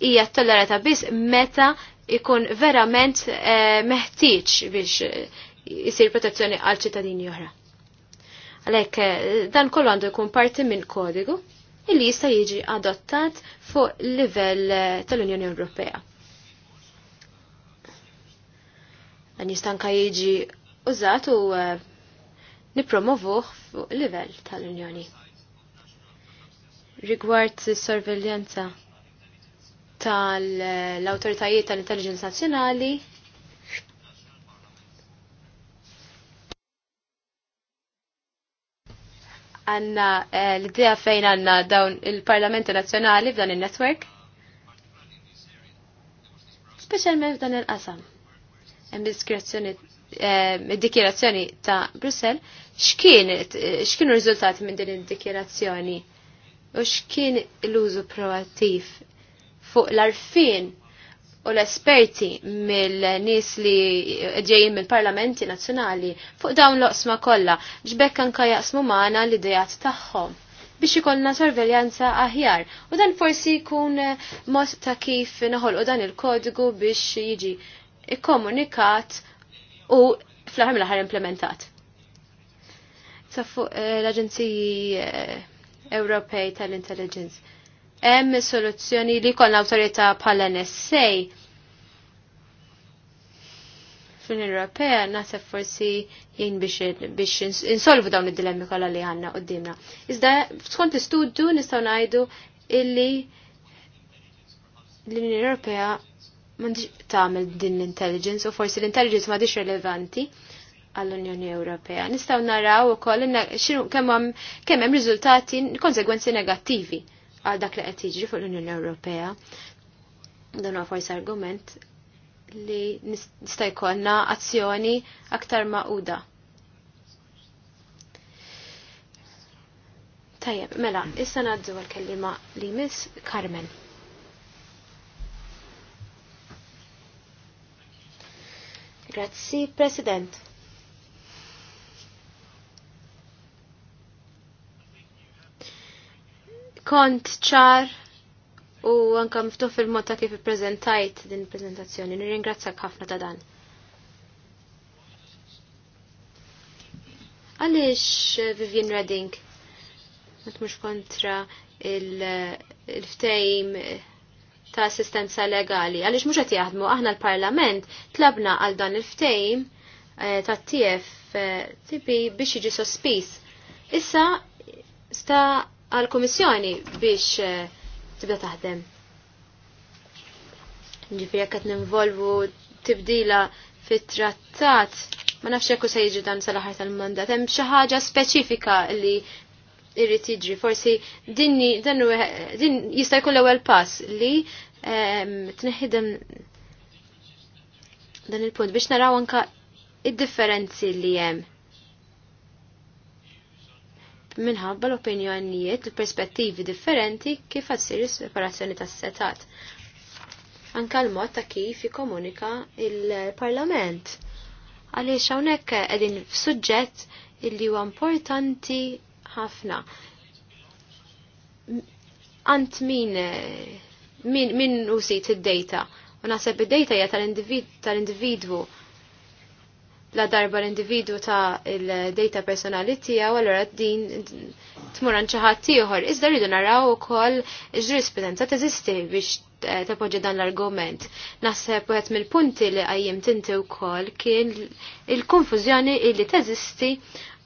hija tollerata biss meta ikun verament eh, meħtieġ biex jisir eh, protezzjoni għal ċittadini oħra. Għalhekk eh, dan kollu għandu jkun parti minn kodigu illi jista' jiġi adottat fuq livell tal-Unjoni Ewropea. Dan jista' anke jiġi użat u nipromovuħ fuq livell tal-Unjoni. Rigward sorveljanza tal-autoritajiet tal-intelligence nazzjonali, għanna eh, l-idea fejn għanna dawn il-Parlament Nazzjonali f'dan il-network? Specialment f'dan il-qasam. Hemm diskrezzjoni id-dikjerazzjoni eh, ta' Brussel, x'kienet x'kienu riżultati minn din id-dikjerazzjoni u x'kien l-użu proattiv fuq l-arfin u l-esperti mill-nies li ġejjin mill-parlamenti nazzjonali fuq dawn l-oqsma kollha ġbekk anka jaqsmu magħna l-idejat tagħhom biex ikollna sorveljanza aħjar u dan forsi jkun eh, mod ta' kif naħolqu dan il kodgu biex jiġi ikkomunikat u fl-aħħar mill ħar implementat. Saffu eh, l-Aġenziji eh, Ewropej tal-Intelligence. Hemm soluzzjoni li l awtorità bħala NSA fl-Unjoni Ewropea naħseb forsi jien biex insolvu dawn id-dilemmi kollha li għandna qudiemna. Iżda skont istudju nistgħu ngħidu illi l-Unjoni Ewropea m'għandix tagħmel din l-intelligence u forsi l-intelligence m'għadix relevanti għall-Unjoni Ewropea. Nistgħu naraw ukoll kemm hemm riżultati konsegwenzi negattivi għal dak li qed jiġri fuq l-Unjoni Ewropea. Dan huwa forsi argument li nista' jkollna azzjoni aktar maquda. Tajjeb, mela, issa nadżu għal-kellima li miss Carmen. Grazzi, President. Kont ċar u anka miftuħ fil-mod ta' kif ippreżentajt din il-preżentazzjoni. Nirringrazzjak ħafna ta' dan. Għaliex eh, Vivian Redding? Ma tmux kontra il-ftejm il eh, ta' assistenza legali. Għaliex mhux qed jaħdmu aħna l-Parlament tlabna għal dan il-ftejm eh, ta' tibi biex jiġi sospis. Issa sta għal kummissjoni biex eh, tibda taħdem. Ġifieri jekk qed ninvolvu tibdila fit-trattat ma nafx jekk se jiġi dan sal-aħħar tal-mandat. Hemm xi ħaġa speċifika li irrid jiġri. Forsi dinni dan din jista' jkun l-ewwel pass li tneħidem dan il-punt biex naraw anka id-differenzi li hemm minħabba l-opinjonijiet, l-perspettivi differenti kif għassir separazzjoni tas setat Anka l-mod ta' kif jikomunika il-parlament. Għaliex hawnhekk qegħdin f'suġġett illi huwa importanti ħafna. Ant min eh, min min usit id-data u naħseb id-data hija tal-individwu la darba l-individu ta' il-data personali tiegħu għallura din t għan ċaħat tiħor. Iżda rridu naraw ukoll ġurisprudenza teżisti biex eh, t-poġi dan l-argument. Naħseb wieħed mill-punti li qajjim tinti wkoll kien il-konfużjoni illi teżisti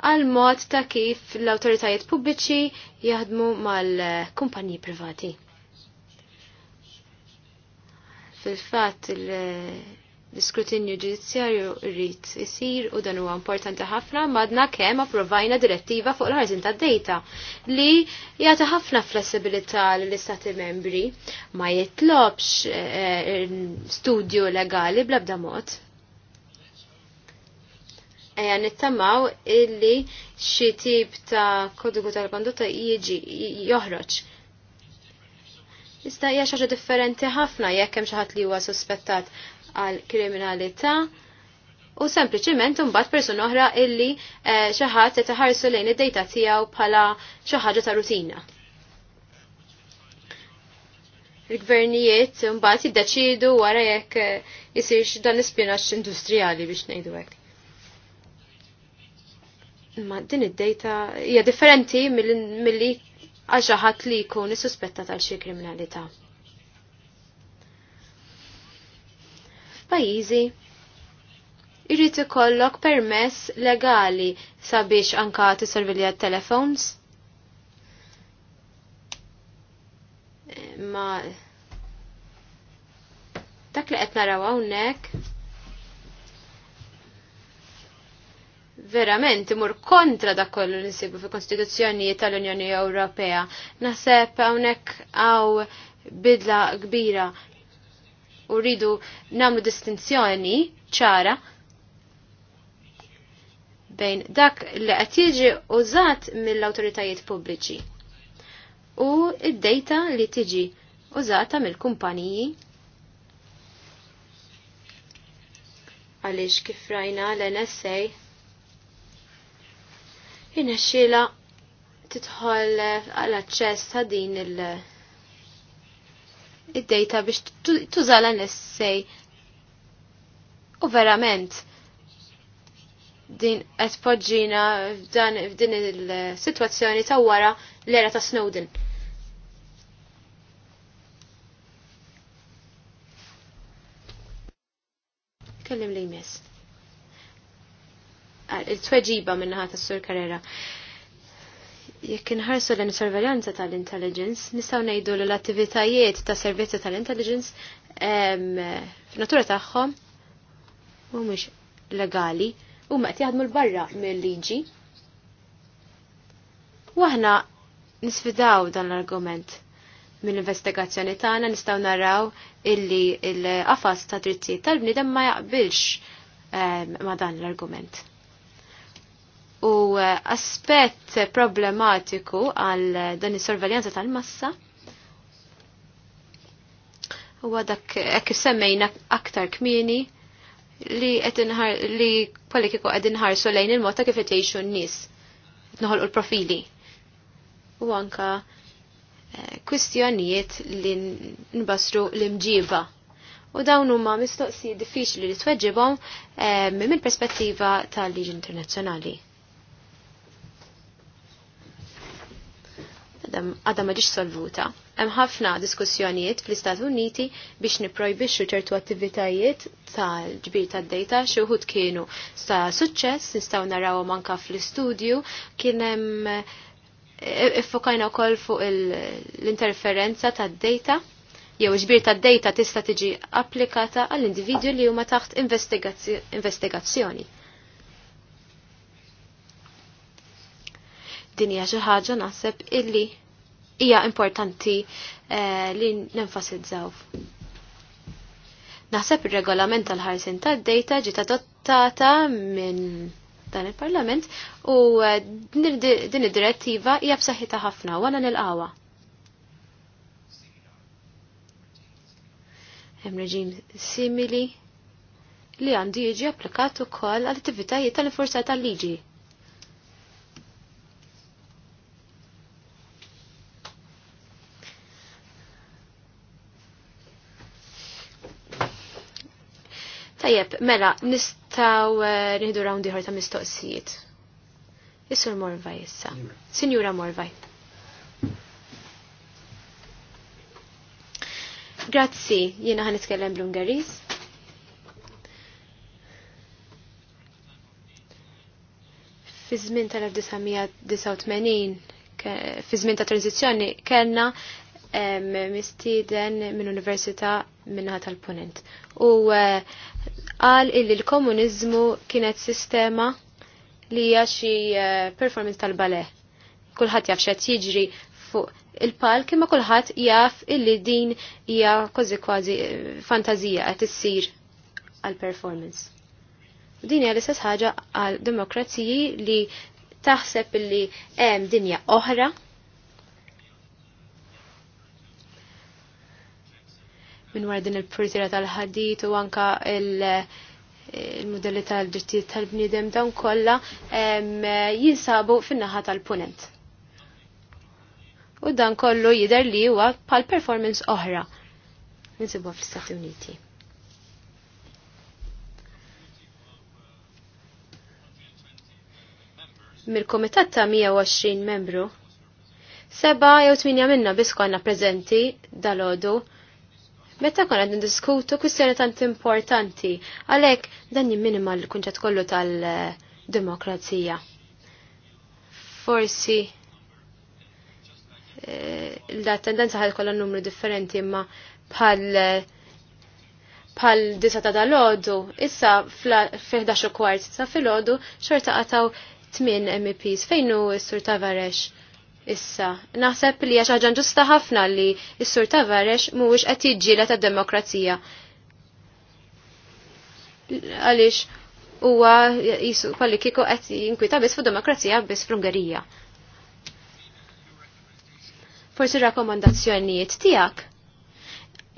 għal mod ta' kif l-autoritajiet pubbliċi jaħdmu mal-kumpanji privati. Fil-fatt l-iskrutinju ġudizzjarju rrit isir u dan huwa importanti ħafna madna kemm approvajna direttiva fuq l-ħarżin ta' data li jagħti ħafna flessibilità lill-istati membri ma jitlobx eh, eh, studju legali bla bda mod Eja, nittamaw illi xi tip ta' kodigu tal-kondotta jiġi joħroġ. Ista' hija xi differenti ħafna jekk hemm xi ħadd li huwa suspettat għal kriminalità u sempliċiment imbagħad persuna oħra illi eh, xi ħadd qed iħarsu lejn id-dejta tiegħu bħala xi ħaġa ta' rutina. Il-gvernijiet imbagħad jiddeċidu wara jekk eh, isirx dan l-ispinaċ industrijali biex ngħidu hekk. Ma din id-dejta hija differenti milli għaxa ħadd li jkun suspetta tal xi kriminalità. F'pajjiżi irrid ikollok permess legali sabiex anka tisorvilja telefons. Ma dak li qed naraw hawnhekk verament imur kontra da kollu li fi fil kostituzzjoni tal-Unjoni Ewropea. Naħseb hawnhekk għaw bidla kbira u rridu namlu distinzjoni ċara bejn dak li qed jiġi użat mill-awtoritajiet pubbliċi u id-dejta li tiġi użata mill-kumpaniji għaliex kif rajna l-NSA jinexxila titħol għal-aċċess ta' din il- id-data biex tużala nessej u verament din qed poġġina f'din il-sitwazzjoni ta' wara l-era ta' Snowden. Kellim li jmiss il-tweġiba minnaħat tas-Sur karera. Jekk inħarsu l sorveljanza tal-intelligence, nistgħu ngħidu l-attivitajiet ta' servizzi tal-intelligence f'natura tagħhom mhumiex legali u ma qed jaħdmu l-barra mill-liġi. U aħna nisfidaw dan l-argument mill-investigazzjoni tagħna nistgħu naraw illi l-qafas ta' drittijiet tal-bniedem ma jaqbilx ma dan l-argument u eh, aspett problematiku għal eh, dan is-sorveljanza tal-massa huwa dak hekk eh, semmejna aktar kmini li qed li kolli kieku qed inħarsu lejn il mota kif qed jgħixu n-nies u l-profili. U anka kwistjonijiet li nbasru l-imġiba. U dawn huma mistoqsijiet diffiċli li tweġibhom minn perspettiva tal-liġi internazzjonali. għadha ma solvuta. Hemm ħafna diskussjonijiet fl-Istati Uniti biex niprojbixxu ċertu attivitajiet tal-ġbir tad-dejta xi wħud kienu sa suċċess nistgħu narawhom anke fl-istudju kien hemm eh, iffokajna wkoll fuq l-interferenza tad-dejta jew ġbir tad-dejta tista' tiġi applikata għall individwi li huma taħt investigazzjoni. din hija xi ħaġa naħseb illi hija importanti eh, li nenfasizzaw. Naħseb ir-regolament tal-ħarsin tad-dejta ġiet adottata minn dan il-Parlament u eh, din id-direttiva hija b'saħħitha ħafna u għana nilqawha. Hemm reġim simili li għandu jiġi applikat ukoll għall attivitajiet tal-forza tal-liġi. tal forza tal liġi Tajjeb, mela, nistaw eh, nħidu round ieħor ta' mistoqsijiet. Isur Morvaj issa. Sinjura Morvaj. Grazzi, jiena ħan nitkellem bl-Ungaris. Fi żmien tal-1989, fi żmien ta' tranzizzjoni kellna mistieden minn Università minnaħat tal-Punent. U qal eh, illi l-komunizmu kienet sistema li hija xi eh, performance tal bale Kulħadd jaf x'qed jiġri fuq il pal kima kulħadd jaf illi din hija kważi kważi eh, fantazija qed issir għal performance. din hija l-istess ħaġa għal demokraziji li taħseb illi hemm dinja oħra minn wara din il-purtira tal-ħadit u anka il-modelli tal-ġittijiet tal-bniedem dawn kollha jinsabu fin-naħa tal-punent. U dan kollu jidher li huwa bħal performance oħra nisibuha fl-Istati Uniti. Mill-komitat ta' 120 membru, seba jew tminja minna biskonna preżenti dal-ħodu Meta kon għad n-diskutu kwistjoni tant importanti, għalek dan jimminima l-kunċet kollu tal-demokrazija. Forsi eh, la tendenza ħad kollha numru differenti imma bħal bħal disa ta' dal-ħodu, issa fl-11 kwart ta' fil-ħodu xorta għataw 8 MPs fejnu s-sur Tavarex Issa, naħseb li għax ħaġa ġusta ħafna li s-sur Tavares mhuwiex qed jiġġiela tad-demokrazija. Għaliex huwa jisu kolli kieku qed jinkwita biss fuq demokrazija biss fl-Ungerija. Forsi rakkomandazzjonijiet tiegħek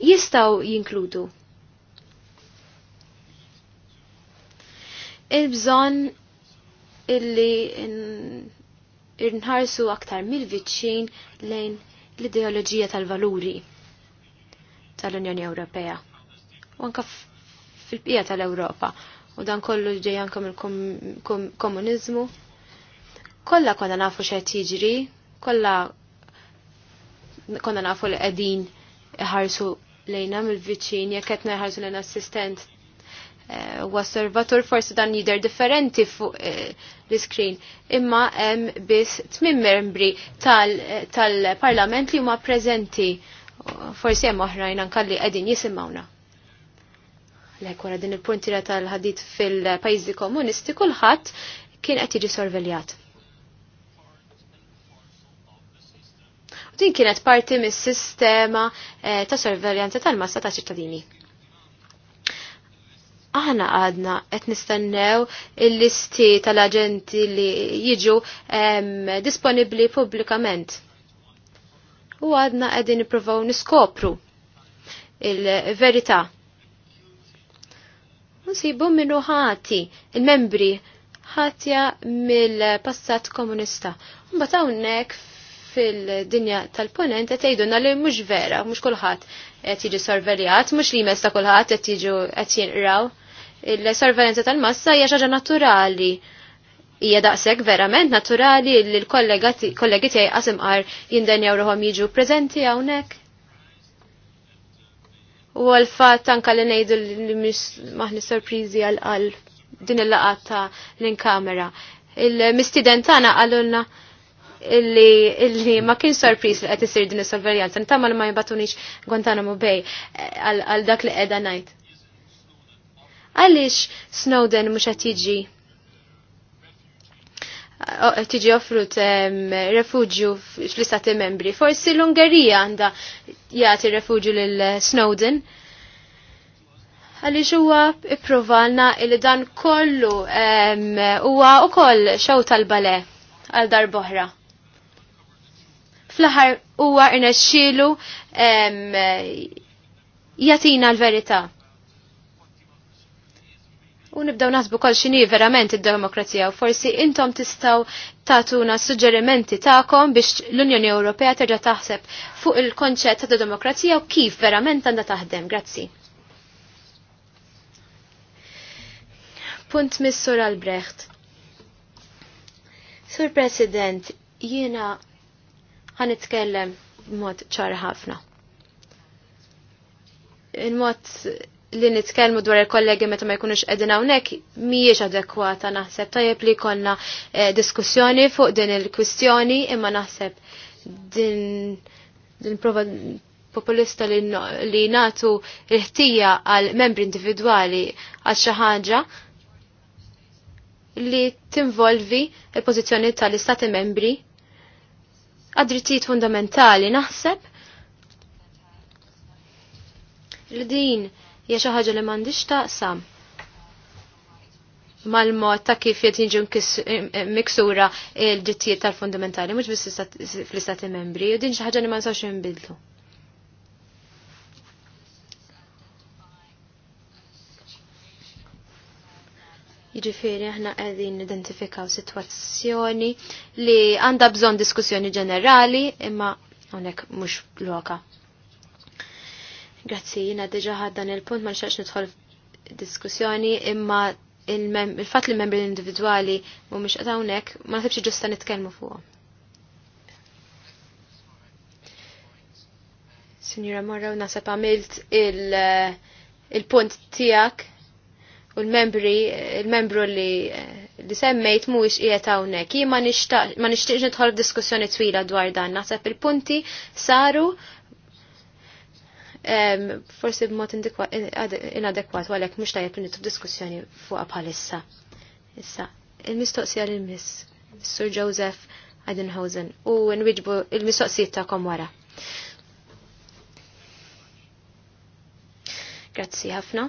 jistgħu jinkludu il-bżonn illi irnħarsu aktar mill-viċċin lejn l-ideoloġija tal-valuri tal-Unjoni Ewropea. U anka fil bija tal-Ewropa. U dan kollu ġej anka mill-komuniżmu. Kollha konna nafu x'qed jiġri, kollha konna nafu li qegħdin iħarsu lejna mill-viċin, jekk qed neħarsu lejn assistent Eh, u osservator forsi dan jider differenti fuq eh, l-screen. Imma hemm biss tmim membri eh, tal-Parlament li huma preżenti forsi hemm oħrajn anke li qegħdin jisimgħuna. Lek wara din il-puntira tal-ħadit fil-pajjiżi komunisti kulħadd kien qed jiġi sorveljat. Din kienet parti mis-sistema ta' sorveljanza tal-massa ta' ċittadini aħna għadna qed nistennew il-listi tal-aġenti li jiġu disponibbli pubblikament. U għadna qegħdin nippruvaw niskopru il-verità. Nsibu minnu ħati il-membri ħatja mill-passat komunista. Mbagħad hawnhekk fil-dinja tal-ponent qed jgħidulna li mhux vera, mhux kulħadd qed jiġi sorveljat, mhux li mesta kulħadd qed jiġu qed jinqraw il-sorveljanza tal-massa hija xaġa naturali. Hija daqshekk verament naturali li l-kollegi tiegħi qasim qar jindenjaw ruhom jiġu preżenti hawnhekk. U għal-fatt anka li ngħidu li maħni sorpriżi għal din il-laqat ta' l-inkamera. Il-mistiden tagħna qalulna illi ma kien sorpriż li qed isir din is-sorveljanza, N'tama li ma jibatunix Guantanamo Bay għal dak li qiegħda ngħid. Għaliex Snowden mhux qed jiġi tiġi offrut refugju fl-istati membri. Forsi l-Ungerija għandha jagħti refugju lil Snowden. Għaliex huwa ipprovalna li dan kollu huwa wkoll xew tal-bale għal dar boħra. fl-ħar huwa irnexxielu jatina l-verità u nibdaw nasbu kol xini verament id-demokrazija u forsi intom tistaw tatuna suġġerimenti ta'kom biex l-Unjoni Ewropea terġa' taħseb fuq il-konċett ta' demokrazija u kif verament għandha taħdem. Grazzi. Punt missur Albrecht. Sur President, jiena itkellem mod ċar ħafna. mod li nitkellmu dwar il-kollegi meta ma jkunux qegħdin hawnhekk mhijiex adekwata naħseb tajjeb li jkollna eh, diskussjoni fuq din il-kwistjoni imma naħseb din din prova populista li, li natu ħtija għal membri individwali għal xi ħaġa li tinvolvi il-pożizzjoni tal-istati membri għad-drittijiet fundamentali naħseb li din hija xi ħaġa li m'għandix taqsam mal-mod ta' kif qed jiġu miksura l-ġittijiet tal-fundamentali mhux biss fl-istati membri u din xi ħaġa li ma nsawx inbidlu. Jiġifieri aħna qegħdin identifikaw sitwazzjoni li għandha bżonn diskussjoni ġenerali imma hawnhekk mhux loka Grazzi, jina deġa ħaddan il-punt ma nxax nidħol diskussjoni imma il-fat li membri individuali u mux għatawnek ma nasibx ġusta nitkelmu fuq. Signora Morra, nasab għamilt il-punt tijak u l-membri, il-membru li li semmejt mux ijet għawnek. Jien ma nishtiġ nidħol diskussjoni twila dwar dan. Nasab il-punti saru forsi b'mod inadekwat għalhekk mhux tajjeb nittu diskussjoni fuqha bħalissa. Issa, il-mistoqsija l miss Sur Joseph Adenhausen u nwiġbu il-mistoqsijiet kom wara. Grazzi ħafna.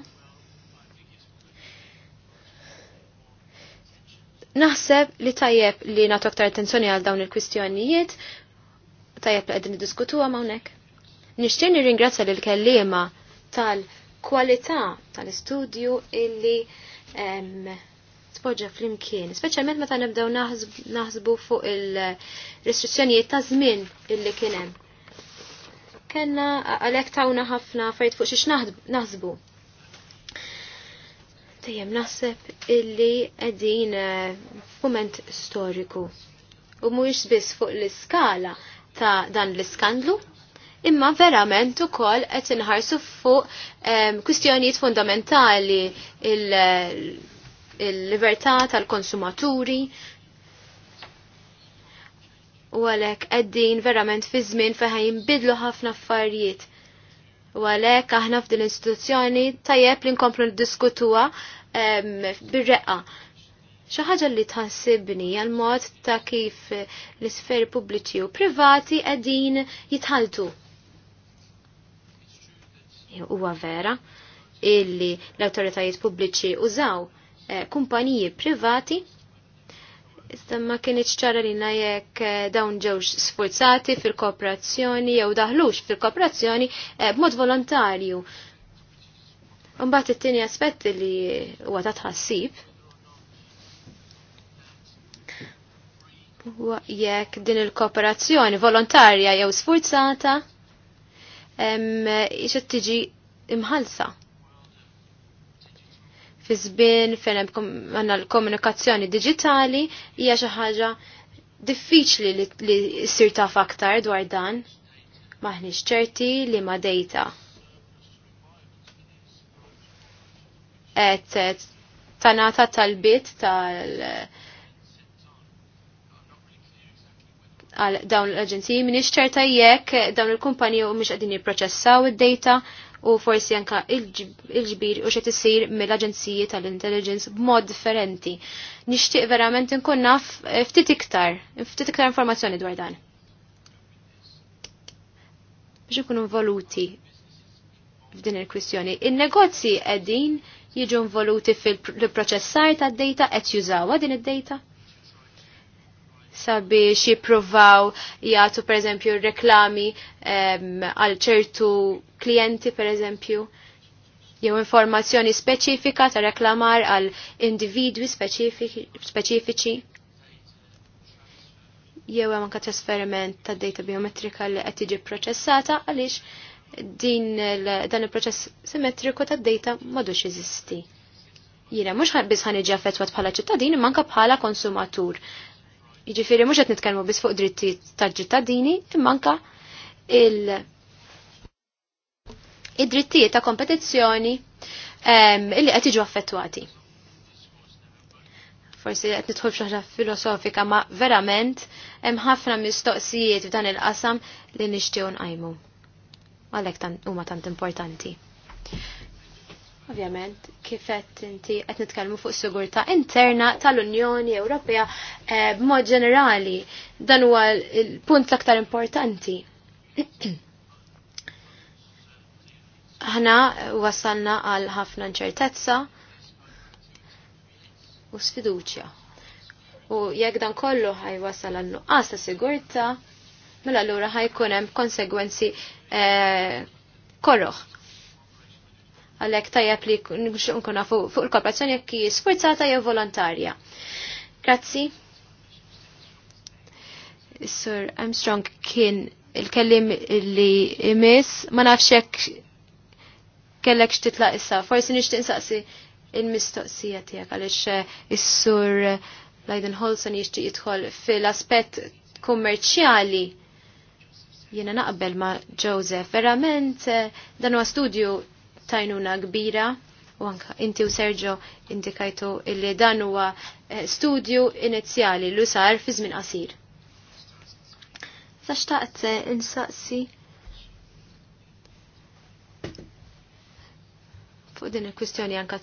Naħseb li tajjeb li nagħtu aktar attenzjoni għal dawn il-kwistjonijiet, tajjeb li qegħdin diskutu hawnhekk. Nixtieq nirringrazzja lil kellima tal-kwalità tal-istudju illi tpoġġa flimkien, speċjalment meta nibdew naħsbu fuq il-restrizzjonijiet ta' żmien illi kien hemm. Kenna għalhekk tawna ħafna fejt fuq xiex naħsbu. Dejjem naħseb illi qegħdin eh, f'mument storiku. U mhuwiex biss fuq l-iskala ta' dan l-iskandlu, imma verament ukoll qed inħarsu fuq kwistjonijiet fundamentali il-libertà il libertà tal konsumaturi u għalhekk qegħdin verament fi żmien fejn jinbidlu ħafna affarijiet. U għalhekk aħna f'din l-istituzzjoni tajjeb li nkomplu niddiskutuha bir-reqqa. Xi ħaġa li tħassibni għal mod ta' kif l-isferi pubbliċi u privati qegħdin jitħaltu huwa vera illi l-autoritajiet pubbliċi użaw eh, kumpaniji privati Iżda ma kienieċ ċara li jekk eh, dawn ġewx sforzati fil-kooperazzjoni jew daħlux fil-kooperazzjoni eh, b'mod volontarju. Umbat it-tieni aspett li huwa ta' tħassib jekk din il-kooperazzjoni volontarja jew sforzata? ixet tiġi imħalsa. Fi żbien fejn għandna l-komunikazzjoni diġitali hija xi ħaġa diffiċli li ssir taf aktar dwar dan maħniex ċerti li ma dejta. Et tanata tal-bit tal-, -tal għal dawn l-aġenziji minix ċerta jekk dawn il-kumpanji u mux qegħdin jipproċessaw id-data u forsi anka il-ġbir u xed isir mill-aġenziji tal-intelligence b'mod differenti. Nixtieq verament inkun naf ftit iktar, ftit iktar informazzjoni dwar dan. Biex ikunu involuti f'din il-kwistjoni. In-negozji qegħdin jiġu involuti fil-proċessar tad-data qed jużawha din id-data? sabiex jippruvaw jagħtu pereżempju reklami għal ċertu klijenti pereżempju jew informazzjoni speċifika ta' reklamar għal individwi speċifiċi jew hemm anke trasferiment ta' data biometrika li qed tiġi proċessata għaliex din dan il-proċess simmetriku ta' data m'għadux jeżisti. Jiena mhux biss ħaniġi affettwat bħala ċittadin imma anke bħala konsumatur Jiġifieri mhux qed nitkellmu bis fuq drittijiet tal-ġittadini, imma anke il- id-drittijiet ta' kompetizzjoni illi qed jiġu affettwati. Forsi qed nidħol f'xi filosofika ma' verament hemm ħafna mistoqsijiet f'dan il-qasam li nixtiew nqajmu. Għalhekk huma tant importanti. Ovvjament, kifet inti qed nitkellmu fuq sigurtà interna tal-Unjoni Ewropea eh, b'mod ġenerali. Dan huwa l-punt l-aktar importanti. Aħna wasalna għal ħafna nċertezza u sfiduċja. U jekk dan kollu ħaj għal nuqqas ta' sigurtà, mela allura ħajkun hemm konsegwenzi eh, korroħ għalek tajab li nkuna fuq il-korporazzjoni jekk hi sforzata jew volontarja. Grazzi. Sir Armstrong kien il-kellim li imis, ma nafx jekk kellek xtitlaq issa, forsi nixtieq saqsi il-mistoqsija tiegħek għaliex eh, is-sur Lajden Holson jixtieq jidħol fil-aspett kummerċjali jiena naqbel ma' Joseph, verament eh, dan huwa studju tajnuna kbira u anka inti u Sergio indikajtu illi dan huwa eh, studju inizjali li sar fi żmien qasir. Saxtaqt eh, insaqsi fuq din il-kwistjoni anka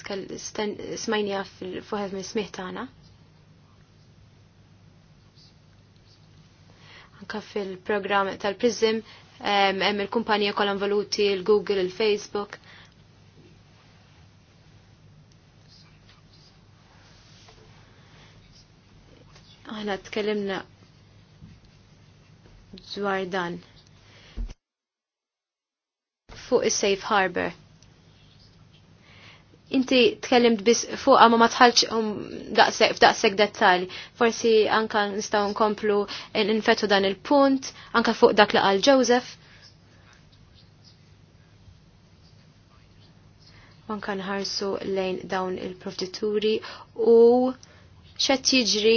smajnija fuq minn smih tagħna. Anka fil-programm tal-Prism hemm il-kumpanija kollha involuti il-Google, il-Facebook. il google il facebook Aħna tkellimna dwar dan fuq is-safe harbor. Inti tkellimt biss fuq ma ma tħallx um, f'daqsek dettali. Forsi anka nistgħu nkomplu nfettu dan il-punt, anka fuq dak li qal Joseph. Anka nħarsu lejn dawn il-prostituturi u xed jiġri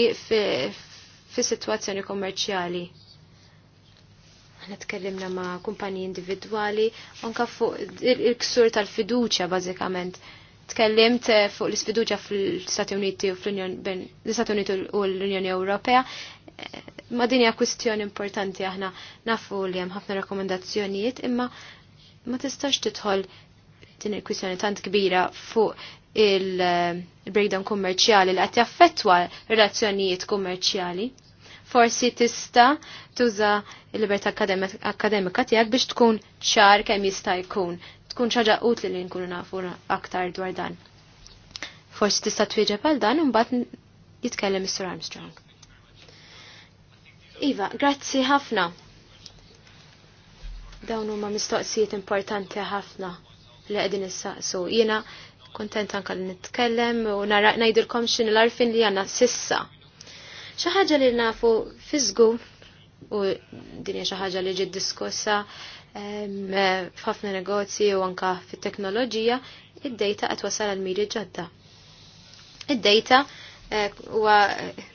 fis-sitwazzjoni kommerċjali. Aħna tkellimna ma' kumpaniji individwali anka fuq il-ksur tal-fiduċja bażikament. Tkellimt eh, fuq l-isfiduċja fl-Stati Uniti u l stati Uniti u l-Unjoni Ewropea. Eh, ma' dinja kwistjoni importanti aħna nafu li hemm ħafna rakkomandazzjonijiet imma ma tistax tidħol din il-kwissjoni tant kbira fuq il-breakdown eh, kummerċjali li qed jaffettwa relazzjonijiet kummerċjali. Forsi tista tuża l-libertà akademika tiegħek biex tkun ċar kemm jista' jkun. Tkun ċaġa utli li nkunu nafu aktar dwar dan. Forsi tista twieġeb għal dan imbagħad jitkellem Mr. Armstrong. Iva, grazzi ħafna. Dawn huma mistoqsijiet importanti ħafna li qegħdin issaqsu. Jena kontent anka li nitkellem u nara x'in l-arfin li għanna sissa. Xi ħaġa li nafu fizgu u din hija xi ħaġa li ġiet diskussa f'ħafna negozji u anka fit-teknoloġija, id-dejta qed wasal għal miri ġodda. Id-dejta eh, huwa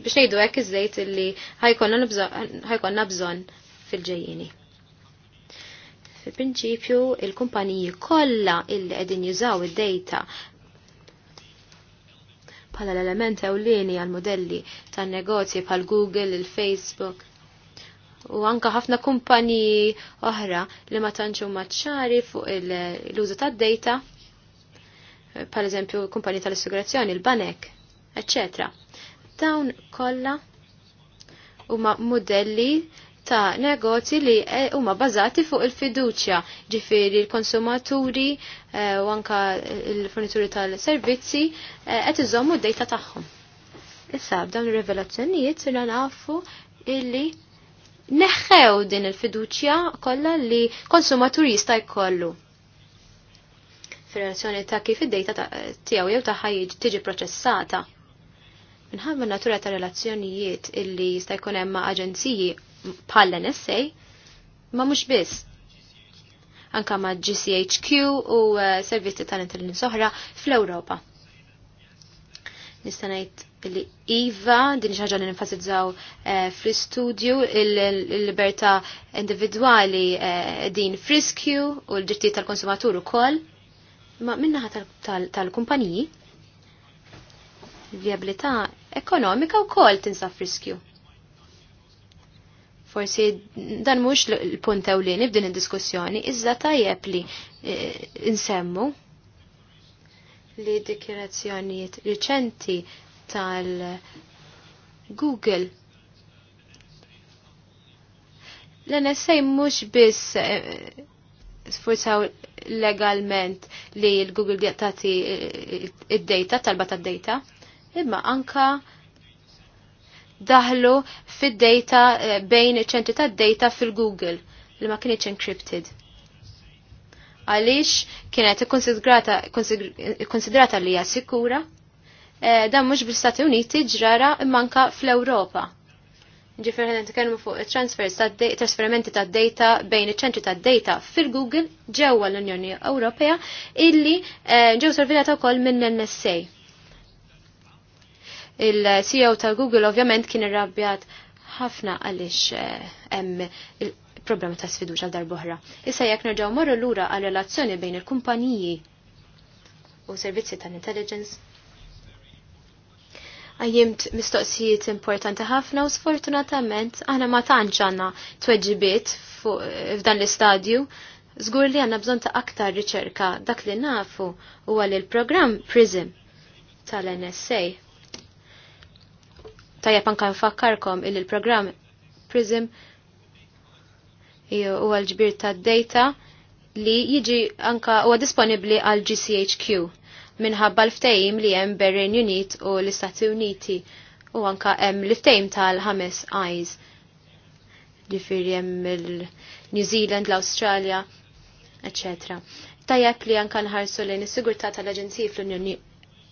biex ngħidu hekk iż dejt li ħajkonna bżonn fil-ġejjini. Fil-prinċipju, il-kumpaniji kollha il qegħdin jużaw id-data bħala l-element ewlieni għal modelli tan negozji bħal Google, il-Facebook. U anka ħafna kumpaniji oħra li ma tantxu maċċari fuq l-użu tad-data, pal eżempju kumpaniji tal-assigurazzjoni, il-banek, eccetera. Dawn kollha huma modelli ta' negozji li eh, huma bażati fuq il-fiduċja, ġifieri l-konsumaturi eh, u anka l-fornituri tal-servizzi eh, qed iżommu d-dejta tagħhom. Issa b'dawn ir-rivelazzjonijiet sirna nafu illi neħħew din il-fiduċja kollha li konsumatur jista' jkollu fir-relazzjoni ta' kif id-dejta tiegħu jew tagħha tiġi proċessata minħabba natura ta' relazzjonijiet illi jista' jkun hemm aġenziji bħalla nessej, ma mhux biss. Anka ma' GCHQ u eh, servizzi tal-internet soħra fl-Ewropa. Nista' ngħid li Iva, din xaġa li nifasizzaw eh, fl-istudju, il-libertà individwali eh, din friskju u l-ġitti tal-konsumatur ukoll. Ma minnaħa tal-kumpaniji, il-viabilità ekonomika u kol tinsab friskju. Forsi dan mhux l-punt ewlieni f'din id-diskussjoni, iżda tajjeb li eh, insemmu li dikjerazzjonijiet riċenti tal-Google l-NSA mhux biss eh, sfurzaw legalment li l-Google tagħti eh, id-data, talba tad-data, imma anka daħlu fid-data eh, bejn iċ-ċentri tad-data fil-Google li ma kienieċ encrypted. Għaliex kienet ikkonsidrata li hija sikura, eh, dan mhux bl-Istati Uniti ġrara manka fl-Ewropa. Ġifier ħedin tkellmu fuq transfers trasferimenti tad-data bejn iċ-ċentri tad-data fil-Google ġewwa l-Unjoni Ewropea illi eh, ġew sorvelata wkoll minn NSA. Il-CEO ta' Google ovvjament kien irrabjat ħafna għaliex eh, hemm il-problema ta' sfiduċa darbohra. Issa jekk nerġgħu morru lura għar relazzjoni bejn il-kumpaniji u servizzi tal-intelligence. Għajjimt mistoqsijiet importanti ħafna u sfortunatament aħna ma tantx għandna tweġibiet f'dan l-istadju. Żgur li għandna bżonn ta' aktar riċerka dak li nafu huwa li l-programm PRISM tal-NSA Tajjeb anka nfakkarkom il il-programm PRISM u għal-ġbir ta' data li jiġi anka huwa disponibbli għal GCHQ minħabba l-ftejim li hemm Berlin Unit u l-Istati Uniti u anka hemm l-ftejim tal-ħames eyes. fir hemm il-New Zealand, l australia eccetera. Tajjeb li anka nħarsu lejn is-sigurtà tal-Aġenziji fl-Unjoni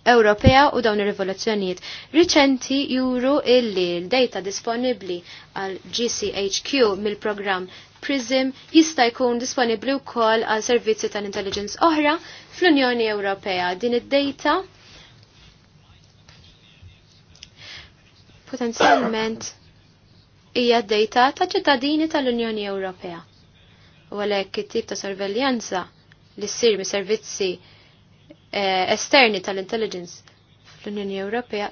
Ewropea u dawn ir-rivoluzzjonijiet. Riċenti juru illi l-data disponibbli għal GCHQ mill-programm PRISM jista' jkun disponibbli wkoll għal servizzi tal-intelligence oħra fl-Unjoni Ewropea. Din id-data potenzjalment hija d-data ta' ċittadini tal-Unjoni Ewropea. U għalhekk it-tip ta' sorveljanza li ssir mis-servizzi Eh, esterni tal-intelligence fl-Unjoni Ewropea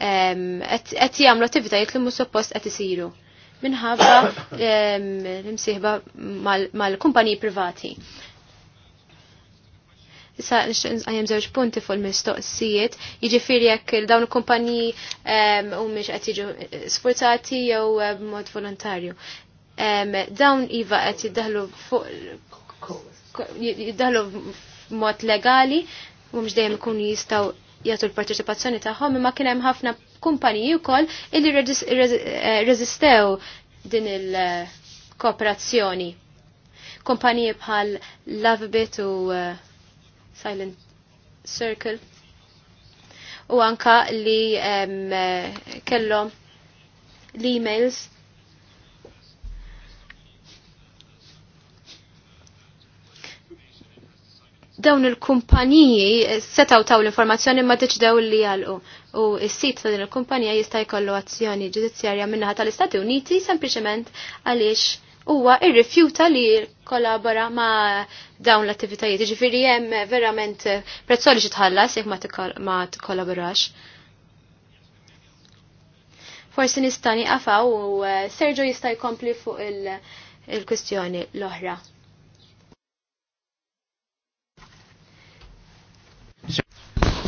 qed jagħmlu attivitajiet li mhux suppost qed isiru minħabba l-imsieħba mal-kumpaniji privati. Issa għajem zewġ punti fuq il-mistoqsijiet, jiġifieri jekk dawn il-kumpaniji mhumiex qed jiġu eh, sforzati jew eh, b'mod volontarju. Dawn iva qed jiddaħlu fuq jiddaħlu mod legali, mhumx dejjem ikun jistgħu jagħtu l-parteċipazzjoni tagħhom, imma kien hemm ħafna kumpaniji wkoll illi reżistew eh, din il-kooperazzjoni. Kumpaniji bħal Lovebit u eh, Silent Circle u anka li eh, kellhom l-emails dawn il-kumpaniji setaw taw l-informazzjoni ma deċdew li jalqu. U s-sit ta' din il-kumpanija jista' jkollu azzjoni ġudizzjarja minnaħa tal-Istati Uniti sempliċement għaliex huwa irrifjuta li kollabora ma' dawn l-attivitajiet. Ġifieri hemm verament prezzoli xi tħallas jekk ma tikkollaborax. Forsi nista' niqafaw u eh, Sergio jista' jkompli fuq il-kwistjoni l-oħra.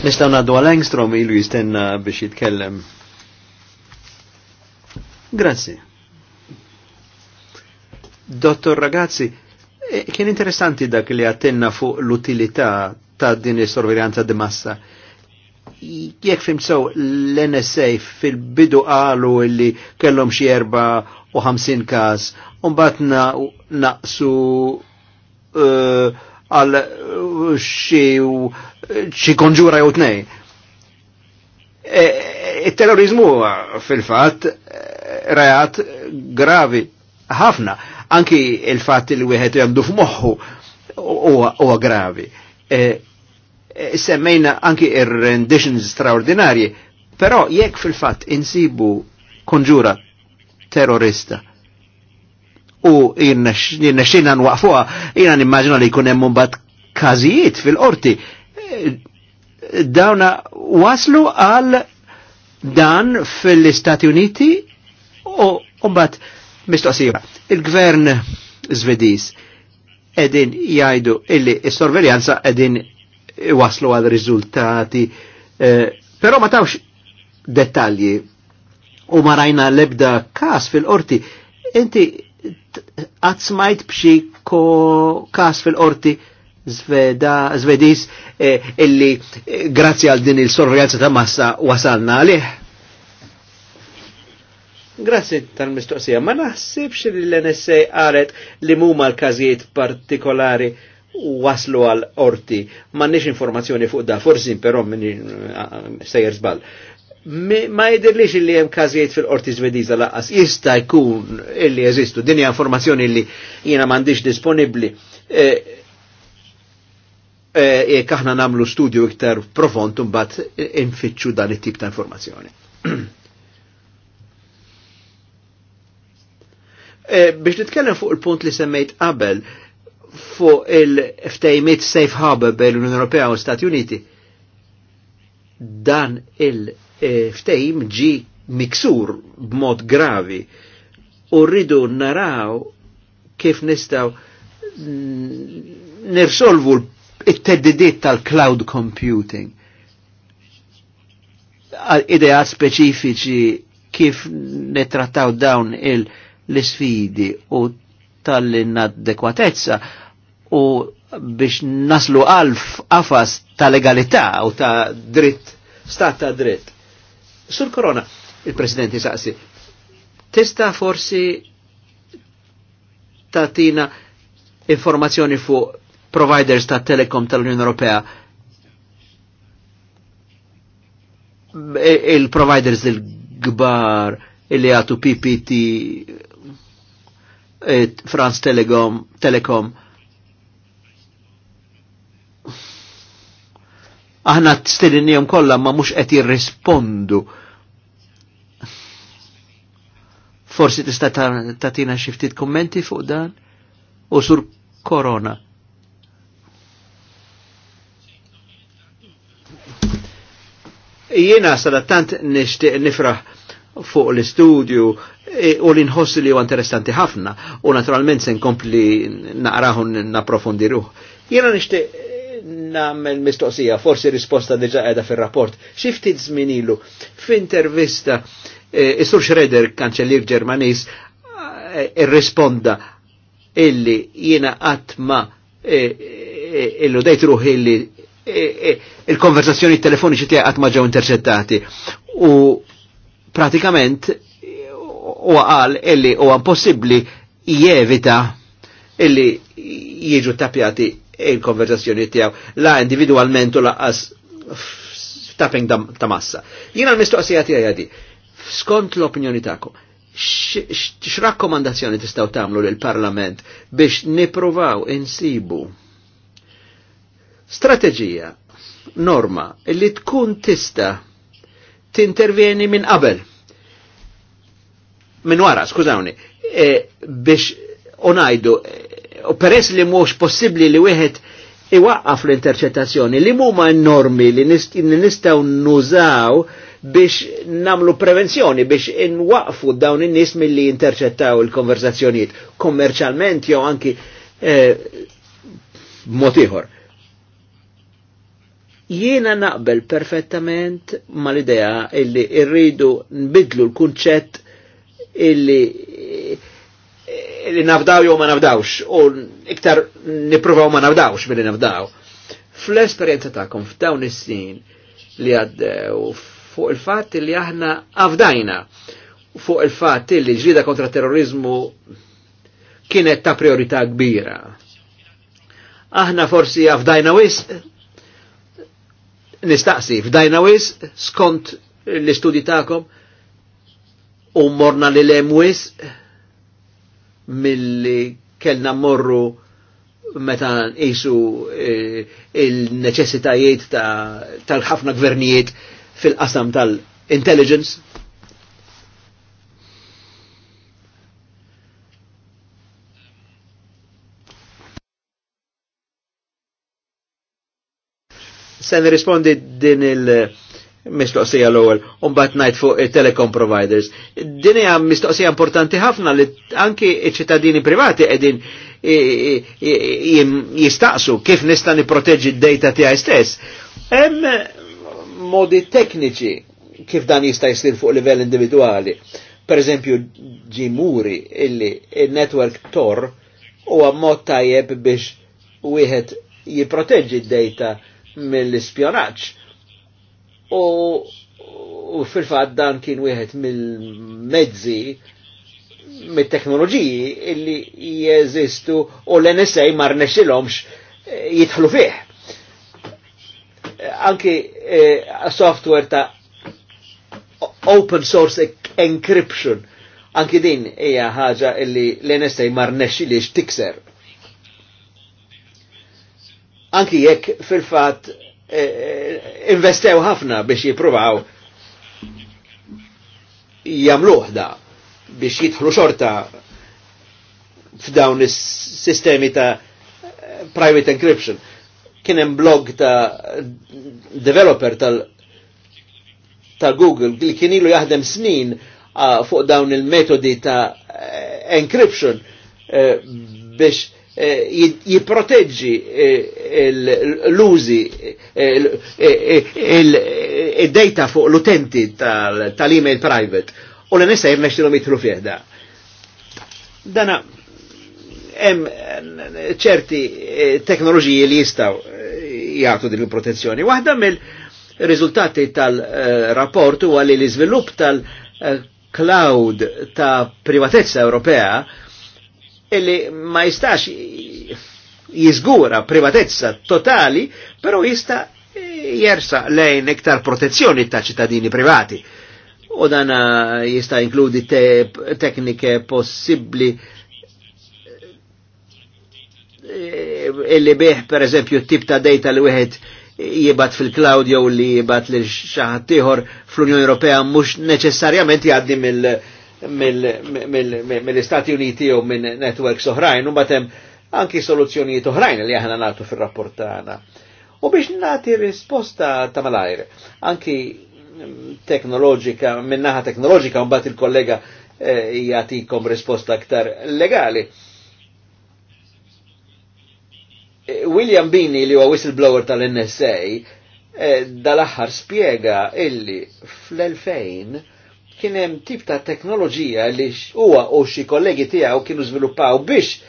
Nistaw naddu għal Engstrom ilu jistenna biex jitkellem. Grazzi. Dottor ragazzi, eh, kien interessanti dak li għattenna fuq l-utilità ta' din is-sorveljanza di massa. Jek fim sew l-NSA fil-bidu qalu li kellhom xi erba u ħamsin kas, un mbagħad naqsu uh, għal eh, xi konġura jew tnej. Il-terrorizmu e, e, fil fat eh, reat gravi ħafna, anki il-fatt li wieħed jgħamdu f'moħħu huwa gravi. E, semmejna anki ir-renditions straordinarji, però jekk fil-fatt insibu konġura terrorista u jinnexxina nwaqfuha, jiena nimmaġina li jkun hemm mbagħad każijiet fil-qorti. Eh, dawna waslu għal dan fil-Istati Uniti u mbagħad mistoqsija. Il-gvern Zvediż edin jajdu illi s-sorveljanza edin waslu għal riżultati, Pero eh, però ma tawx dettalji u ma rajna lebda kas fil-qorti. Inti għad smajt bxi kas fil-qorti zvedis eh, illi eh, grazzi għal din il-sorveljanza ta' massa wasalna għalih. Grazzi tal-mistoqsija, ma naħsibx li l-NSA għaret li muma l-kazijiet partikolari waslu għal orti, ma nix informazzjoni fuq da, forsi però minni eh, sejjer zbal ma jidirlix li hemm każijiet fil-qorti Svediża laqas jista' jkun illi jeżistu din hija informazzjoni li jina m'għandix disponibbli. E, e kaħna namlu studju iktar profond mbagħad infittxu dan it-tip ta' informazzjoni. E, biex nitkellem fuq il-punt li semmejt qabel fuq il-ftejmiet safe harbor bejn l-Unjoni Ewropea u Stati Uniti dan il- E, ftejm ġi miksur b'mod gravi u rridu naraw kif nistaw nirsolvu it-teddidiet tal-cloud computing. Idea speċifiċi kif netrattaw dawn l-sfidi u tal-inadekwatezza u biex naslu għalf għafas ta' legalità u ta' dritt, stat ta' dritt. Sur korona, il-President saqsi, testa forsi tatina informazzjoni fu providers ta' telekom tal-Unjoni Ewropea e, il-providers il-gbar illi għatu PPT e, France Telecom, Telecom Aħna t-stilinijom kollha ma mhux qed jirrispondu. Forsi tista' tatina xi ftit kummenti fuq dan u sur korona. Jiena tant nixtieq nifraħ fuq l-istudju e, u li nħoss li huwa interessanti ħafna u naturalment se nkompli naqraħu naprofondiruh. Jiena nixtieq namel mistoqsija, forsi risposta diġa għeda fil-rapport. Xiftit zminilu, f'intervista, eh, Isur Schroeder, kanċellir Ġermanis, eh, irrisponda eh, eh, illi jiena għatma illu dejt ruħi illi eh, il-konversazzjoni telefoniċi tiegħek qatt ma ġew interċettati. U pratikament huwa qal illi huwa impossibbli jevita illi jieġu tapjati il-konverzazzjoni tiegħu la individualment u laqas tapping ta' massa. Jiena l-mistoqsija tiegħi di. Skont l-opinjoni tagħkom, x'rakkomandazzjoni tistgħu tagħmlu l parlament biex nipruvaw insibu strateġija, norma li tkun tista' tintervjeni minn qabel. Minn wara, skużawni, e, biex unajdu u peress li mhux possibbli li wieħed iwaqqaf l-interċettazzjoni li huma normi li nistgħu nużaw biex namlu prevenzjoni, biex inwaqfu dawn in-nies milli jinterċettaw il-konversazzjonijiet kommerċjalment jew anki eh, ieħor. Jiena naqbel perfettament mal-idea illi irridu nbidlu l-kunċett illi li nafdaw jew ma nafdawx u iktar nippruvaw ma nafdawx milli nafdaw. Fl-esperjenza tagħkom f'dawn is sin li għaddew fuq il-fatt li aħna avdajna fuq il-fatt li ġrida kontra terrorizmu kienet ta' priorità kbira. Aħna forsi avdajna wisq nistaqsi f'dajna wis skont l-istudji tagħkom u morna li lem wis milli kellna morru meta isu e, il-neċessitajiet tal-ħafna ta gvernijiet fil-qasam tal-intelligence. Se nirrispondi din il- mistoqsija l-ewwel u mbagħad ngħid fuq telecom providers. Din hija mistoqsija importanti ħafna li anki ċ-ċittadini privati qegħdin jistaqsu kif nista' nipproteġġi d data tiegħi stess. Hemm modi tekniċi kif dan jista' jsir fuq livell individwali. Per eżempju, ġimuri illi il-network Tor huwa mod tajjeb biex wieħed jipproteġġi d data mill-ispjonaġġ u fil-fat dan kien wieħed mill-mezzi mit-teknoloġiji illi jeżistu u l-NSA mar nexilomx eh, jitħlu fih. Anki eh, software ta' open source e- encryption, anki din hija ħaġa illi l-NSA mar nexilix tikser. Anki jekk fil-fat Eh, eh, investew ħafna biex jipruvaw jamluħ da biex jitħlu xorta f'dawn is-sistemi ta' private encryption. Kien hemm blog ta' developer tal ta' Google li kien ilu jaħdem snin ah, fuq dawn il-metodi ta' eh, encryption biex Eh, jiproteġġi eh, l-użi eh, il-data fuq l-utenti tal-email private u l-nisa jirnextilom mitlu fieħda. Dana, hemm ċerti teknoloġiji li jistaw jgħatu din il-protezzjoni. Waħda mill rizultati tal-rapport huwa li l-iżvilupp tal-cloud ta' privatezza Ewropea illi ma jistax jizgura privatezza totali, però jista jersa lejn iktar protezzjoni ta' ċittadini privati. U dan eh, jista inkludi te tekniche possibbli eh, illi bih per eżempju tip ta' data li wieħed jibat fil-cloud jew li jibat li xaħat fl-Unjoni Ewropea mhux neċessarjament jgħaddi mill- mill-Istati Uniti u minn networks oħrajn, u batem anki soluzzjonijiet oħrajn li aħna natu fil-rapport tagħna. U biex nati risposta ta' malajr, anki mm, teknoloġika, minnaħa teknoloġika, un bat il-kollega eh, jgħatikom risposta aktar legali. Eh, William Bini li huwa whistleblower tal-NSA eh, dal-aħħar spiega illi fl-2000 kien hemm tip ta' teknoloġija li huwa u xi kollegi tiegħu kienu żviluppaw biex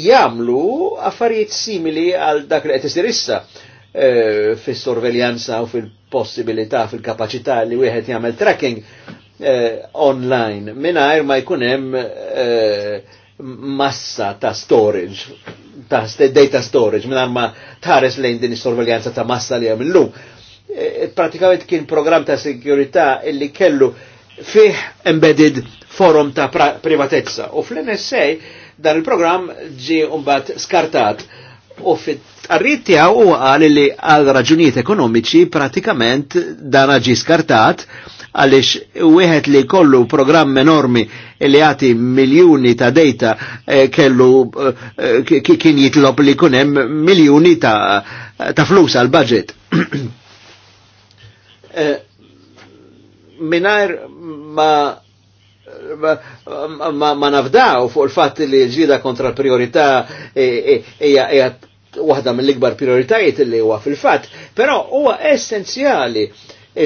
jagħmlu affarijiet simili għal dak li qed isir issa e, fis-sorveljanza u fil-possibilità fil-kapaċità li wieħed jagħmel tracking e, online mingħajr ma jkun hemm e, massa ta' storage ta' data storage mingħajr ma tħares lejn din is-sorveljanza ta' massa li hemm illum pratikament kien program ta' sekurità illi kellu fih embedded forum ta' privatezza. U fl-NSA dan il-program ġi umbat skartat u fit-tarrit tiegħu u għal li għal raġunijiet ekonomiċi pratikament dan ġi skartat għalix wieħed li kollu programm enormi li għati miljoni ta' data eh, kellu eh, kien jitlob li kunem miljoni ta', ta flus għal budget. Eh, ma ma, ma nafdaw fuq il-fatt li l-ġida kontra l-priorità hija e, e waħda mill-ikbar prioritajiet li huwa fil-fatt, però huwa essenzjali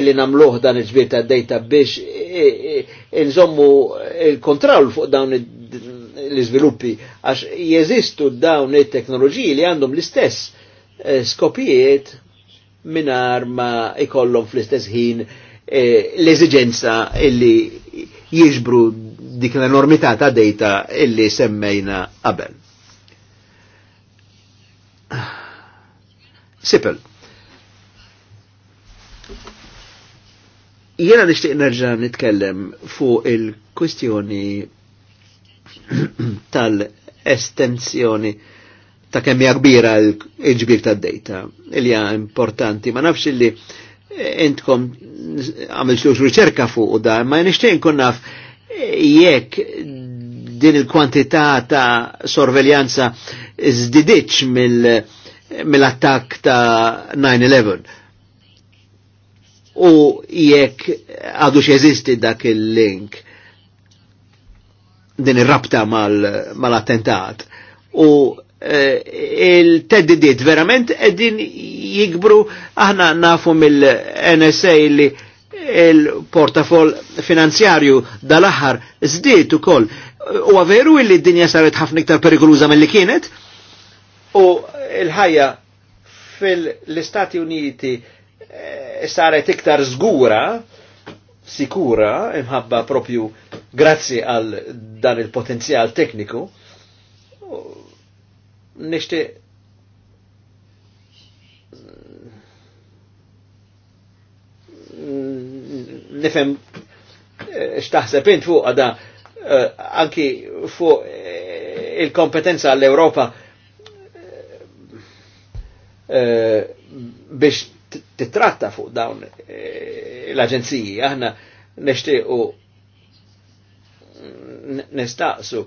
li namluħ dan il-ġbir ta' biex e, e, nżommu il-kontroll fuq dawn l-izviluppi, għax jeżistu dawn il-teknoloġiji li għandhom l-istess eh, skopijiet minar ma ikollhom fl-istess ħin Eh, l-eżigenza illi jiġbru dik l-enormità ta' dejta illi semmejna qabel. Sipel. Jena nishtiq nerġa' nitkellem fuq il-kwistjoni tal-estensjoni ta' kemm hija kbira l-ġbir tad-dejta. il-ja importanti, ma nafx illi intkom għamiltux riċerka fuq da, ma nishtiq naf jekk din il-kwantità ta' sorveljanza zdidiċ mill-attak mil ta' 9-11. U jekk għadu jeżisti dak il-link din ir-rabta mal-attentat. Mal u Eh, il-teddidiet verament edin jikbru aħna nafu mill-NSA li il-portafol finanzjarju dal-aħħar zdiet ukoll. Eh, u għaveru li d-dinja saret ħafna iktar perikoluża mill-li kienet u l-ħajja fil-Istati Uniti eh, saret iktar zgura, sikura, imħabba propju grazzi għal dan il-potenzjal tekniku nishti nifem eh, xtaħseb int fuq għada eh, anki fuq eh, il-kompetenza għall-Europa biex titratta fuq dawn l-aġenziji. Aħna nishti u nistaqsu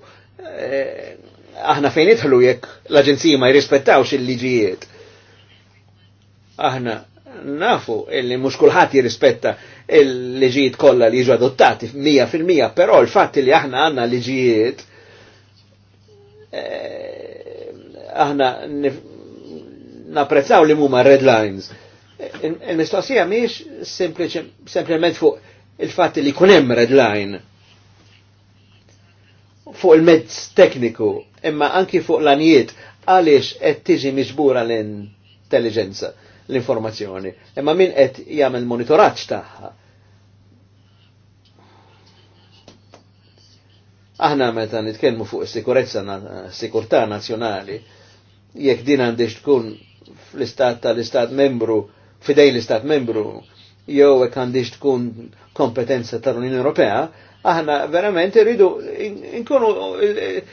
aħna fejn idħlu jekk l-aġenziji ma jirrispettawx il-liġijiet. Aħna nafu illi mhux kulħadd jirrispetta il-liġijiet kollha li jiġu adottati mija fil-mija, però l-fatt li aħna għandna liġijiet eh, aħna napprezzaw li huma red lines. Il-mistoqsija mhix sempliċement fuq il-fatt li kun hemm red line fuq il-mezz tekniku, imma anki fuq l-anijiet għaliex qed tiġi miġbura l-intelligenza, l-informazzjoni, imma min qed jagħmel monitoraġġ tagħha. Aħna meta nitkellmu fuq is-sikurezza sikurtà nazzjonali, jekk din għandix tkun fl-istat tal-istat membru, fidej l-istat membru, jew għandix tkun kompetenza tal-Unjoni Ewropea, aħna verament irridu nkunu eh,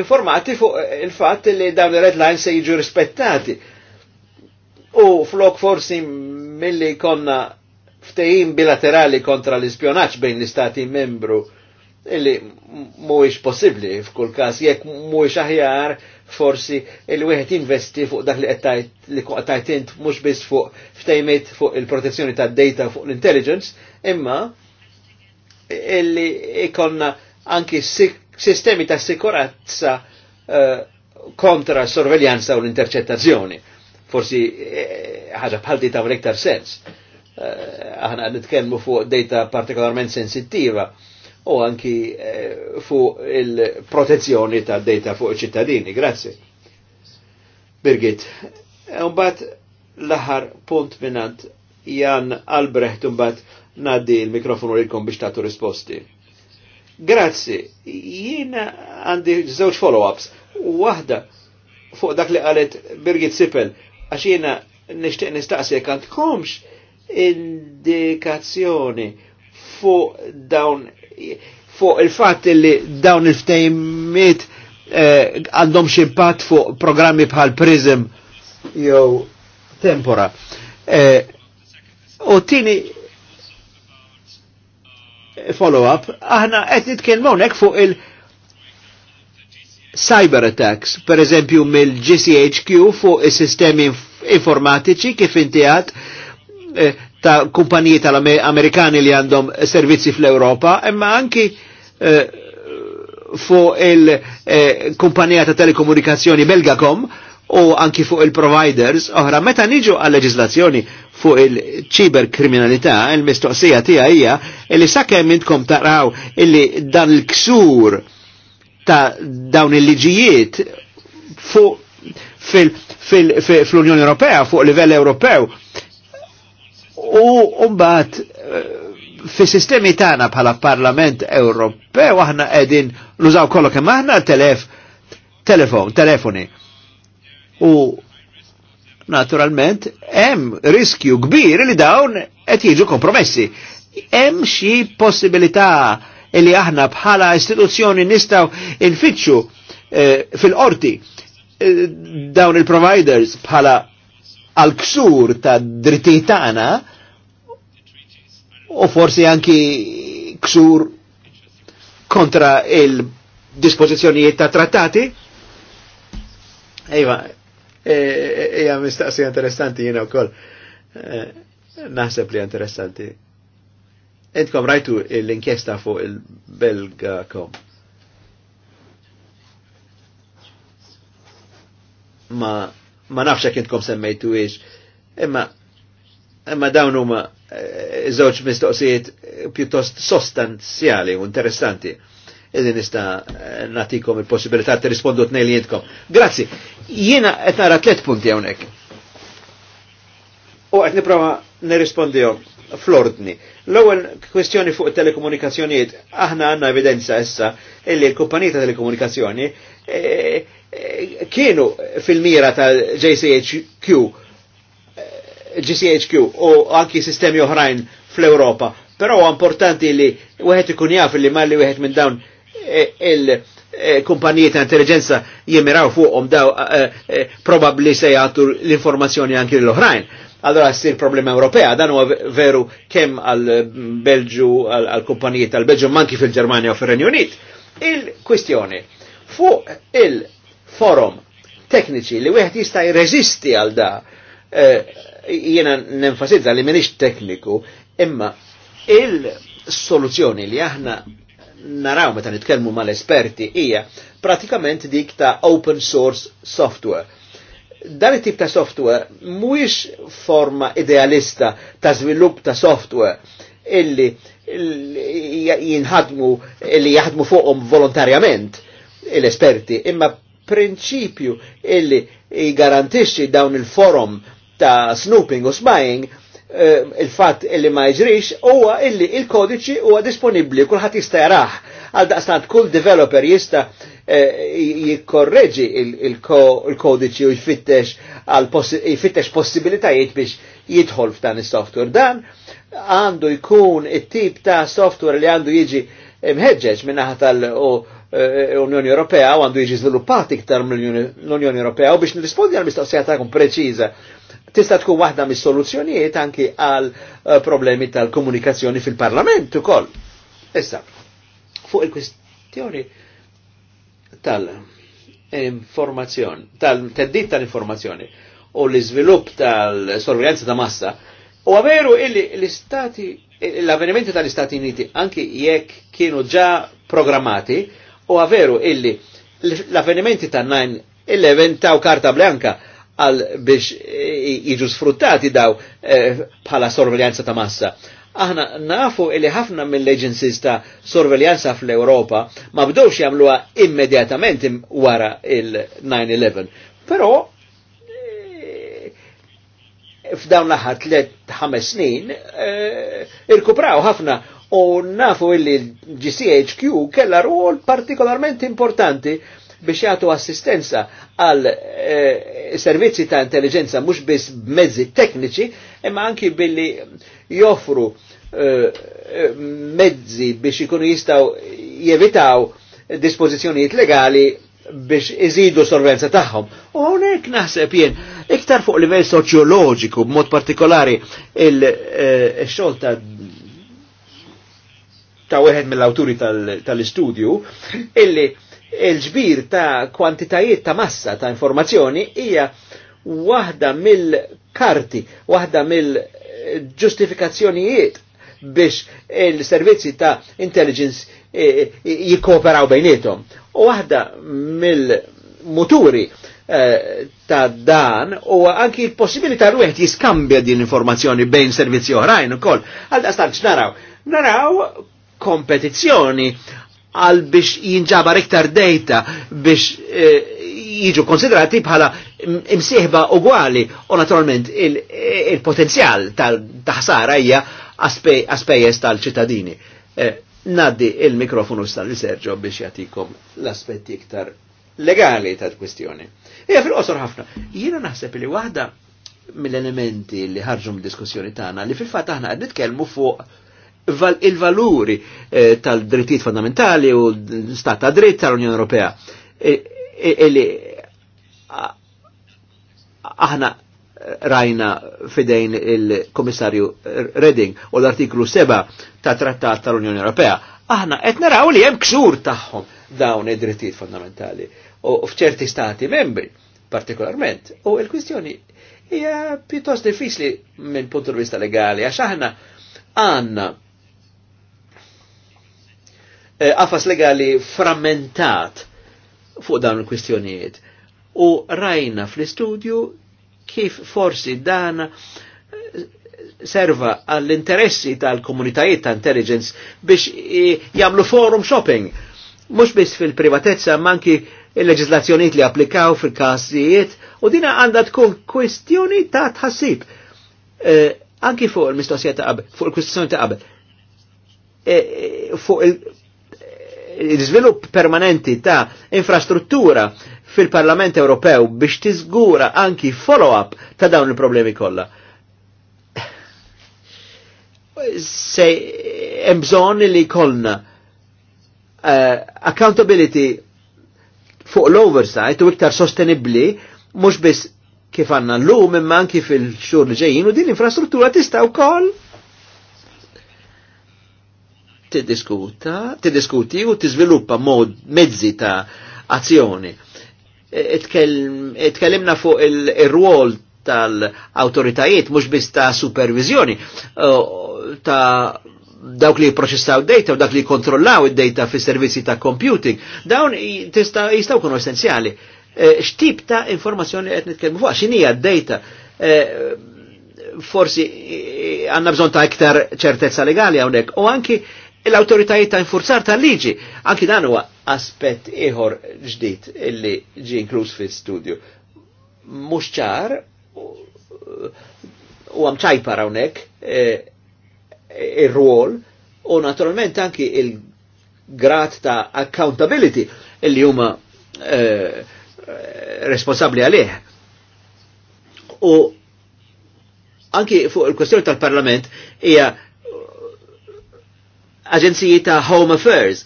informati fuq il-fatt li dawn il-red lines se jiġu rispettati. U flok forsi milli konna ftejim bilaterali kontra l ispjonaġġ bejn l-istati membru illi mhuwiex possibbli f'kull każ jekk mhuwiex aħjar forsi il-wieħed investi fuq dak li qed li qed mhux biss fuq f'tejmit fuq il-protezzjoni tad-data fuq l-intelligence, imma illi ikonna anki sistemi ta' sikurazza eh, kontra sorveljanza u l-intercettazzjoni. Forsi eh, ħaġa eh, bħal di ta' iktar sens. Eh, aħna nitkellmu fuq data partikolarment sensittiva u anki fu fuq il-protezzjoni ta' data fuq ċittadini. Grazzi. Birgit, un bat l-ħar punt minant Jan Albrecht un bat naddi il-mikrofonu l-kom biex tagħtu risposti. Grazzi, jiena għandi żewġ follow-ups. Waħda fuq dak li qalet Birgit Sipel, għax jiena nixtieq nistaqsi għant komx indikazzjoni fuq dawn fuq il-fatt li dawn il-ftejmiet eh, għandhom eh, ximpat fuq programmi bħal Prism jew Tempora. Eh, u tini follow-up, aħna qed nitkellmu hawnhekk fuq il- cyber attacks, per eżempju mill-GCHQ fuq is-sistemi informatiċi kif inti eh, ta' kumpaniji tal-Amerikani li għandhom servizzi fl-Europa, imma anki eh, fuq il-kumpanija eh, ta' telekomunikazzjoni Belgacom u anki fuq il-providers oħra meta niġu għal leġislazzjoni fuq il ċiber kriminalità il-mistoqsija tija hija illi sakemm intkom taqraw illi dan il-ksur ta' dawn il-liġijiet fuq fil-Unjoni Ewropea, fuq livell Ewropew u mbagħad eh, fi sistemi tagħna bħala Parlament Ewropew aħna qegħdin nużaw kollok kemm aħna telef telefon, telefoni. telefoni U naturalment hemm riskju kbir li dawn qed jiġu kompromessi. Hemm xi possibilità li aħna bħala istituzzjoni nistgħu infittxu eh, fil-qorti eh, dawn il-providers bħala għal-ksur ta' tagħna u forsi anki ksur kontra il-dispozizjonijiet ta' trattati. Ejva, Eh, eh, eh, Ija mistaqsija interessanti jina u kol. Naħseb li interessanti. Intkom rajtu l-inkjesta fuq il-Belga.com. Ma ma nafx jekk intkom semmejtu ix, imma imma dawn huma żewġ mistoqsijiet pjuttost sostanzjali u interessanti. Idin nista eh, natikom il-possibilità ti rispondu t li jintkom. Grazzi. Jiena qed nara tliet punti hawnhekk. U qed nipprova nirrispondihom Flordni. L-ewwel kwestjoni fuq telekomunikazzjonijiet, aħna għandna evidenza issa illi l-kumpanija ta' telekomunikazzjoni eh, eh, kienu fil-mira ta' JCHQ GCHQ u anki sistemi oħrajn fl-Europa. Però importanti li wieħed ikun jaf li malli wieħed minn dawn E, il e, kumpanijiet ta' intelligenza jimiraw fuqhom daw e, probabli se jagħtu l-informazzjoni anki l-oħrajn. Allora sir problema Ewropea, dan huwa veru kem għal Belġu għal kumpanijiet tal-Belġu manki fil germania u fil renju Unit. Il-kwistjoni fuq il-forum tekniċi li wieħed jista' jreżisti għal da jiena nenfasizza li m'iniex tekniku, imma il-soluzzjoni li aħna naraw meta nitkellmu mal-esperti hija pratikament dik ta' open source software. Dan it-tip ta' software mhuwiex forma idealista ta' żvilupp ta' software illi, jinħadmu illi jaħdmu fuqhom volontarjament l-esperti, imma prinċipju illi jgarantixxi dawn il-forum ta' snooping u spying Eh, il-fatt illi ma jġrix huwa illi il-kodiċi huwa disponibbli kulħadd jista' jaraħ għal daqstant kull developer jista' eh, jikkorreġi il-kodiċi u jfittex possibilitajiet biex jidħol f'dan is-software. Dan għandu jkun it-tip ta' software li għandu jiġi mħeġġeġ minnaħa tal-Unjoni eh, Ewropea u għandu jiġi żviluppat iktar mill-Unjoni Ewropea u biex nirrispondi għal mistoqsija tagħkom preċiża tista' tkun waħda mis-soluzzjonijiet anki għal eh, problemi tal-komunikazzjoni fil-Parlament ukoll. Issa, fuq il-kwistjoni tal-informazzjoni, tal-teddit tal-informazzjoni u l-iżvilupp tal-sorveljanza ta' massa, u għaveru illi l-istati, l-avvenimenti tal-Istati Uniti anki jekk kienu ġa programmati, u għaveru illi l-avvenimenti tal 9-11 taw karta blanka għal biex jiġu sfruttati daw eh, bħala sorveljanza ta' massa. Aħna nafu li ħafna mill-agencies ta' sorveljanza fl-Europa ma bdowx jagħmluha immedjatament wara il-9-11. Però eh, f'dawn l-aħħar tliet ħames snin eh, irkupraw ħafna u nafu illi GCHQ kella rol partikolarment importanti biex jagħtu assistenza għal eh, servizzi ta' intelligenza mhux biss mezzi tekniċi, imma anki billi joffru eh, mezzi biex ikunu jistaw jevitaw dispożizzjonijiet legali biex iżidu sorvenza tagħhom. U hawnhekk naħseb jien iktar fuq livell soċjoloġiku b'mod partikolari il-xogħol eh, ta' ta' wieħed mill-awturi tal-istudju illi il-ġbir ta' kwantitajiet ta' massa ta' informazzjoni hija waħda mill-karti, waħda mill-ġustifikazzjonijiet biex il-servizzi ta' intelligence eh, eh, jikkooperaw bejnietom. U waħda mill-muturi eh, ta' dan u anki il-possibilità ruħet jiskambja din informazzjoni bejn servizzi oħrajn u koll. Għal-dastan naraw, naraw kompetizzjoni għal biex jinġabar iktar data biex eh, jiġu konsiderati bħala imsieħba uguali u naturalment il-potenzjal tal-taħsara hija aspejjes tal-ċittadini. Eh, naddi il-mikrofonu stal Serġo biex jatikom l-aspetti iktar legali tal-kwistjoni. Ija fil-qosor ħafna, jiena naħseb li waħda mill-elementi li ħarġu mid-diskussjoni tagħna li fil-fatt aħna qed nitkellmu fuq il-valuri eh, tal-drittijiet fondamentali u stat ta' dritt tal-Unjoni Ewropea. Illi e, e, e aħna rajna fidejn il-Komissarju Redding u l-artiklu 7 ta' trattat tal-Unjoni Ewropea. Aħna qed naraw li hemm ksur tagħhom dawn id-drittijiet fondamentali u f'ċerti stati membri partikolarment. U l kwistjoni hija pjuttost diffiċli minn punt vista legali għax aħna għandna għafas eh, legali frammentat fuq dawn il-kwistjonijiet. U rajna fl-istudju kif forsi dan eh, serva għall-interessi tal-komunitajiet ta' intelligence biex eh, jamlu forum shopping. Mux biss fil-privatezza, manki il-leġizlazzjoniet li applikaw fil-kassijiet u dina għandha tkun kwestjoni ta' tħassib. anki fuq il-mistoqsija ta' qabel, fuq il-kwestjoni ta' qabel. fuq il l-iżvilupp permanenti ta' infrastruttura fil-Parlament Ewropew biex tiżgura anki follow-up ta' dawn il-problemi kollha. Se hemm bżonn li kollna uh, eh, accountability fuq l-oversight u iktar sostenibbli mhux biss kif l llum imma anki fil-xhur li ġejjin u din l-infrastruttura tista' wkoll tiddiskuta, tiddiskuti u tiżviluppa mod mezzi ta' azzjoni. E, itkellimna fuq il-rwol tal-autoritajiet, mux biss ta' supervizjoni, ta' dawk li proċessaw data u dak li kontrollaw id-data fi servizzi ta' computing, dawn jistaw kunu essenzjali. E, Xtib ta' informazzjoni qed nitkellmu fuq, x'inija d-data? E, forsi għanna bżon ta' iktar ċertezza legali għawnek. U anki l-autoritajiet ta' infurzar tal-liġi. Anki dan huwa aspett ieħor ġdid illi ġi inkluż fil-studju. Mhux ċar u għam ċajpar hawnhekk eh, ir-rwol u naturalment anki il-grad ta' accountability illi huma eh, responsabbli għalih. U anki fuq il-kwestjoni tal-Parlament hija aġenziji ta' Home Affairs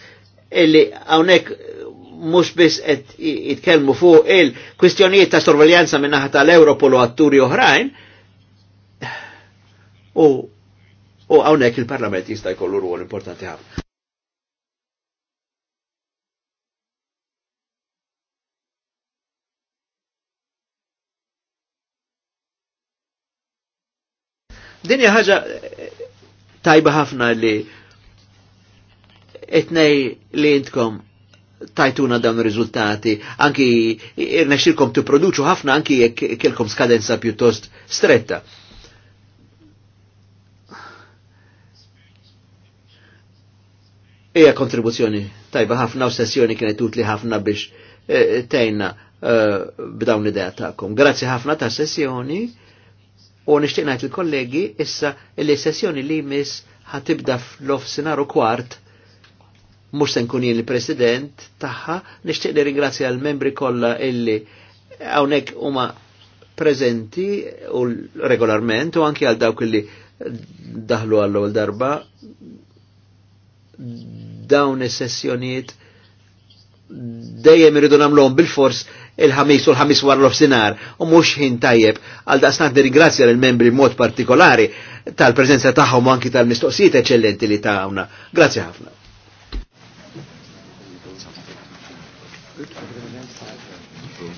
illi għawnek mux bis qed jitkellmu fuq il-kwistjonijiet ta' sorveljanza minnaħa tal-Europol u atturi oħrajn u u hawnhekk il-Parlament jista' jkollu ruol importanti ħafna. Dinja ħaġa eh, tajba ħafna li etnej li intkom tajtuna dawn ir rizultati anki irnexilkom t-produċu ħafna anki jekk kelkom skadenza pjuttost stretta. Eja kontribuzzjoni tajba ħafna u sessjoni kienet utli ħafna biex eh, tejna eh, b'dawn l-idea ta'kom. Grazzi ħafna ta' sessjoni u nishtiqnajt il-kollegi issa il-sessjoni li mis ħatibda fl-offsinar u kwart mux se nkun jien il-president tagħha, nixtieq li ringrazzja l-membri kollha illi hawnhekk huma prezenti u regolarment u anki għal dawk illi daħlu għall-ewwel darba dawn is-sessjonijiet dejjem irridu nagħmluhom bil-fors il-ħamis u l-ħamis war l-ofsinar u mux ħin tajjeb għal daqsnaq ringrazzja l-membri mod partikolari tal-prezenza tagħhom anki tal-mistoqsijiet eċċellenti li tagħna. Grazzi ħafna.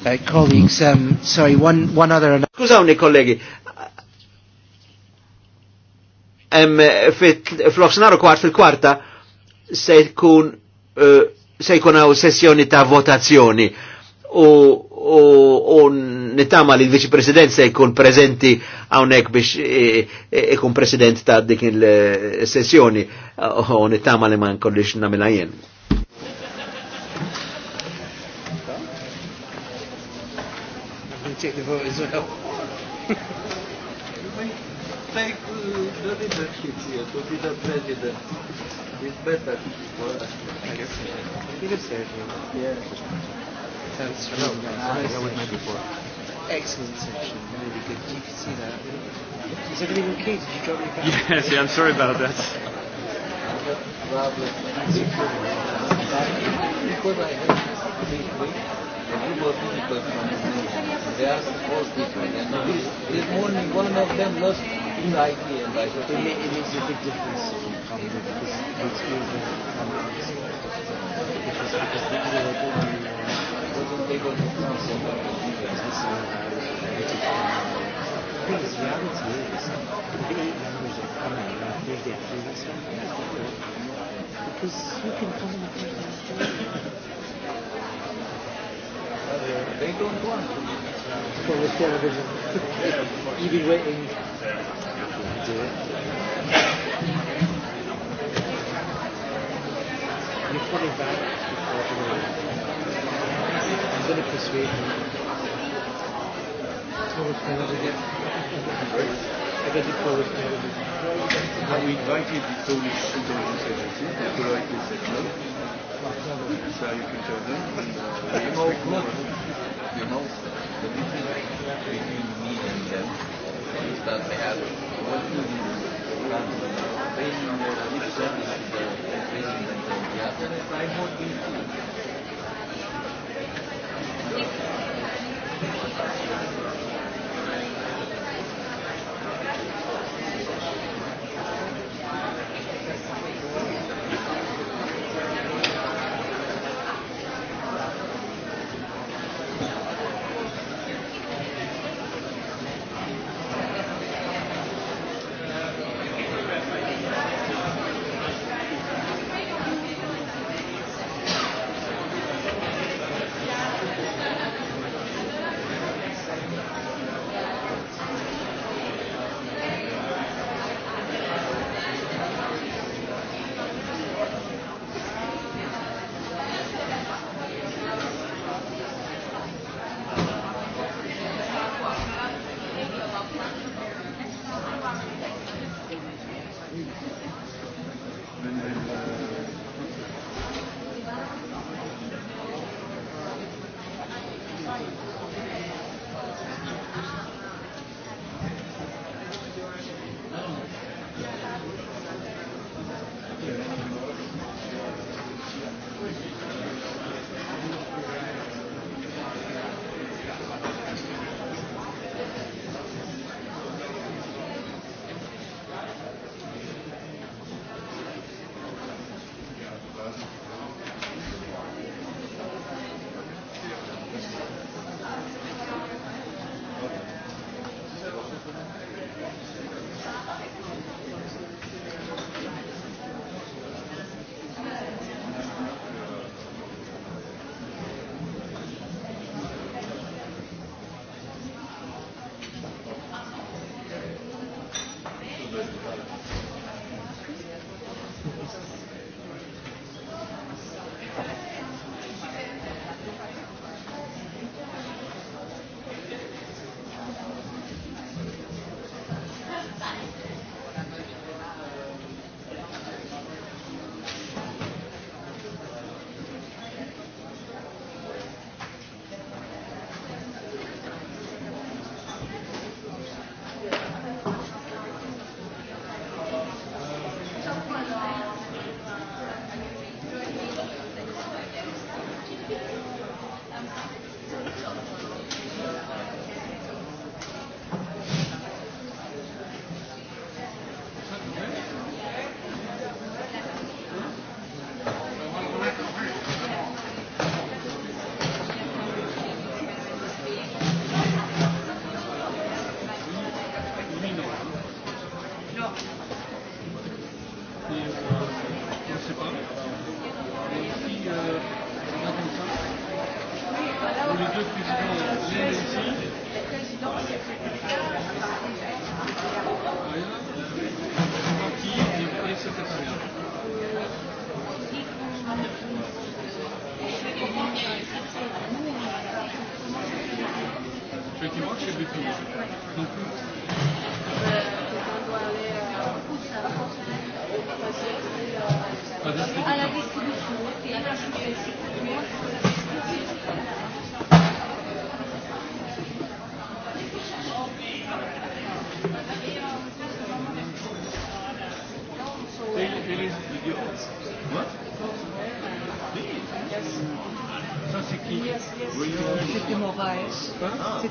uh, colleagues. Um, sorry, one, one other... Skużawni, kollegi. Fl-oxnaru kwart fil-kwarta se jkun għaw uh, sessjoni ta' votazzjoni u, u, nitama li l-Viċi President se jkun prezenti għawnek biex jkun e, e, e, President ta' dik il-sessjoni eh, u nitama li ma' nkollix namilajen. can take the vote as well. president. Yeah. Excellent section. good. You can see that. Is everything you Yes, I'm sorry about that. Thanks theirs was different. And this, this morning one of them lost his idea. And I said, it, makes a big difference from the, because the experience that from us. Because, because they either like only wasn't able to come so much. This is the thing is, reality is, the eight members are coming on Thursday after this one. Because you can come on Thursday after they don't want to be for with television. You've been waiting. You're coming back I'm going to persuade him. I Have we invited the Polish to this So you can tell them. And, uh, the difference between me and them is that they are working and the lip service and the training and the theater, and I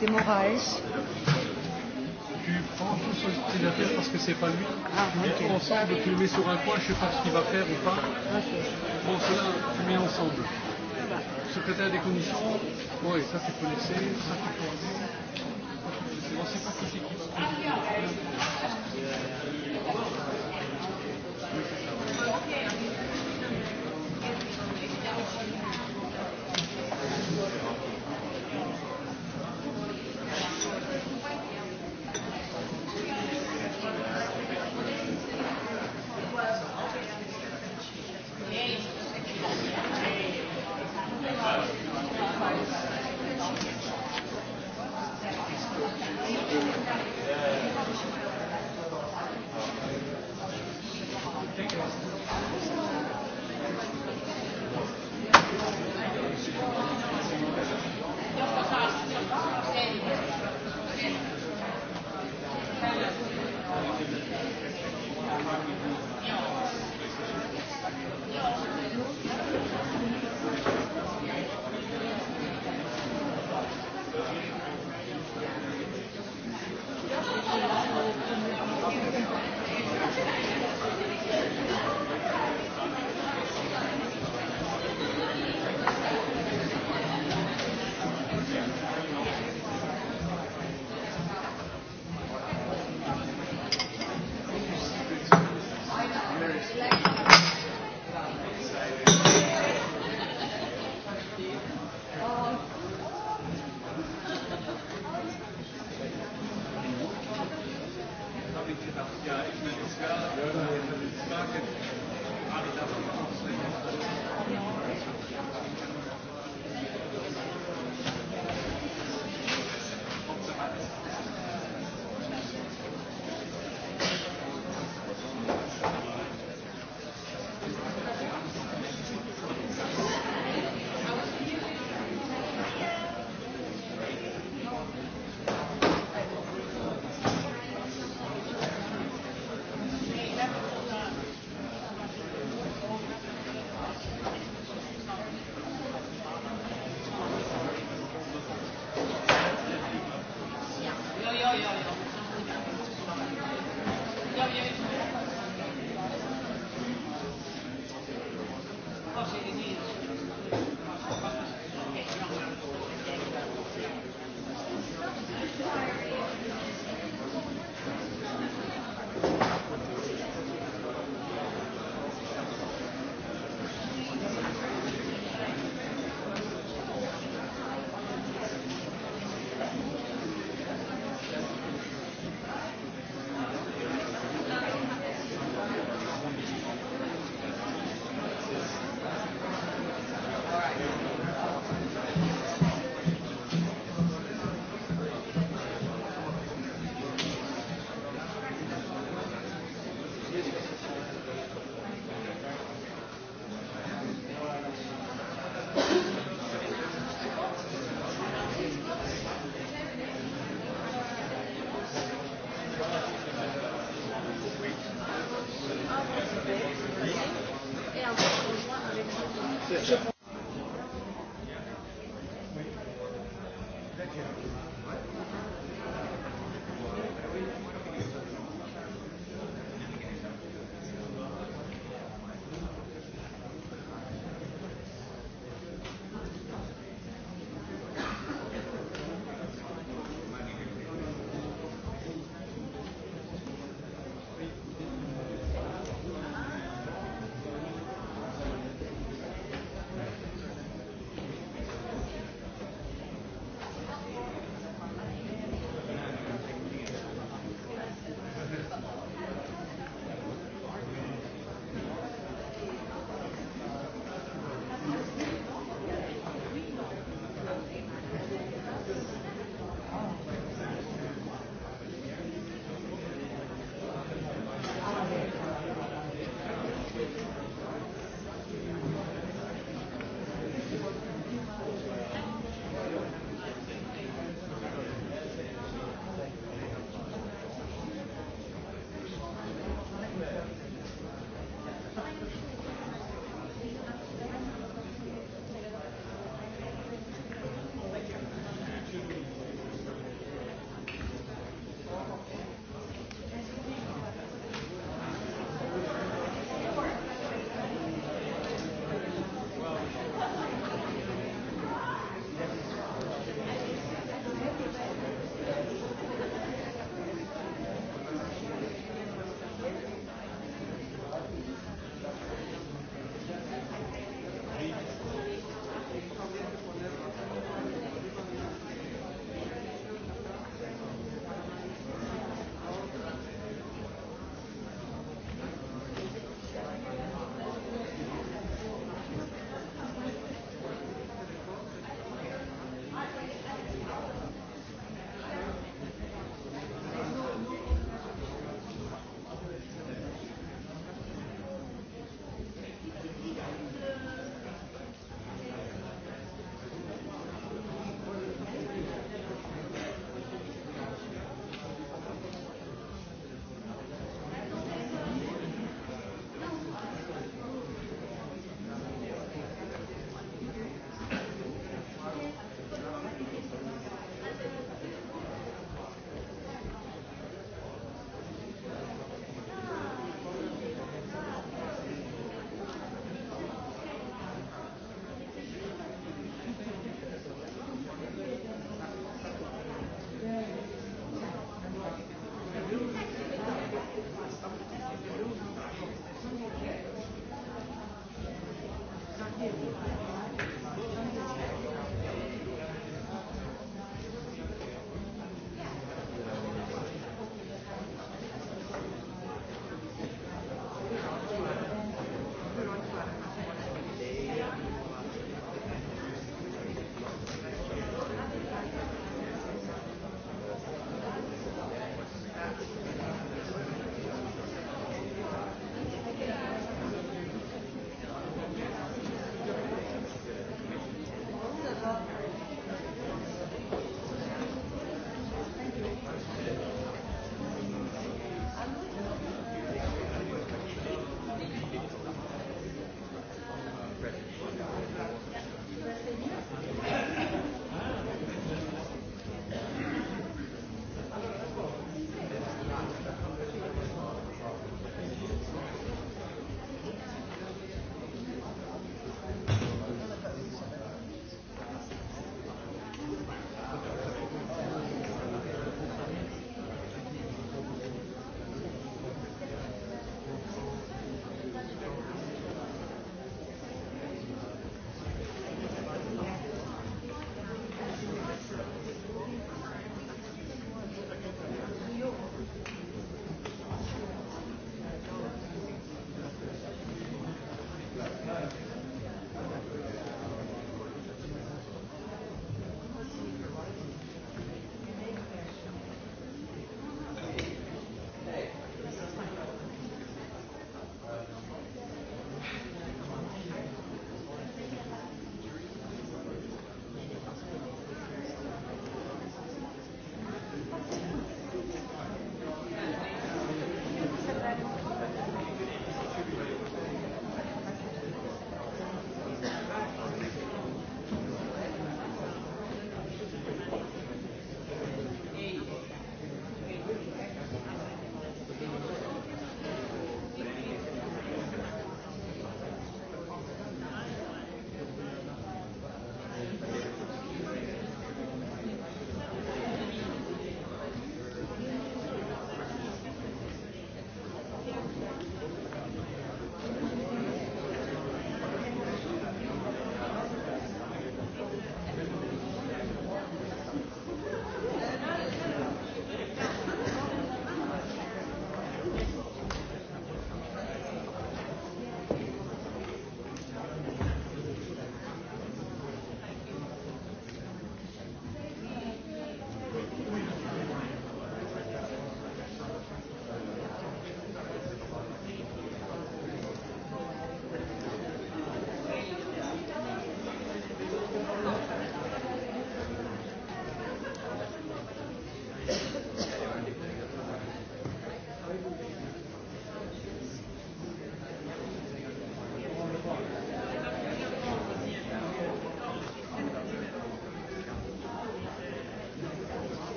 de Tu prends tout ce qu'il parce que c'est pas lui. Ah, okay. Tu ensemble, tu le mets sur un coin, je sais pas ce qu'il va faire ou pas. Okay. Bon, cela, tu mets ensemble. Secrétaire des commissions, oui, ça tu connaissais, ça tu connais.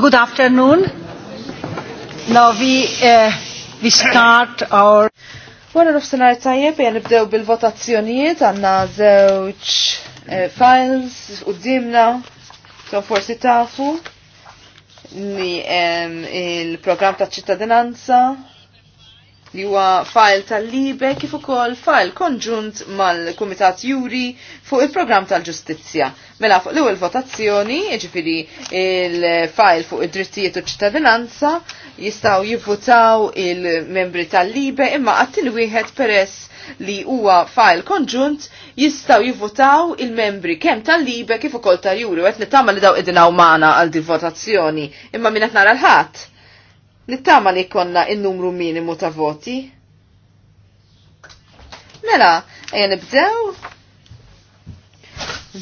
Good afternoon. Now we, uh, we start our... Wara nofsenar tajjeb jgħan nibdew bil-votazzjonijiet għanna zewċ eh, files u dimna so forsi tafu li il-program ta' ċittadinanza li huwa file tal-libe kif ukoll file konġunt mal-Kumitat Juri fuq il-programm tal-ġustizzja. Mela fuq l-ewwel votazzjoni, jiġifieri il-file fuq id-drittijiet u ċittadinanza jistgħu jivvutaw il-membri tal-libe imma għattin wieħed peress li huwa file konġunt jistgħu jivvutaw il-membri kemm tal-libe kif ukoll tal-juri u qed nittama li daw idinaw magħna għal di votazzjoni imma min qed nara l-ħadd Nittama li konna il-numru minimu ta' voti. Mela, ejja nibdew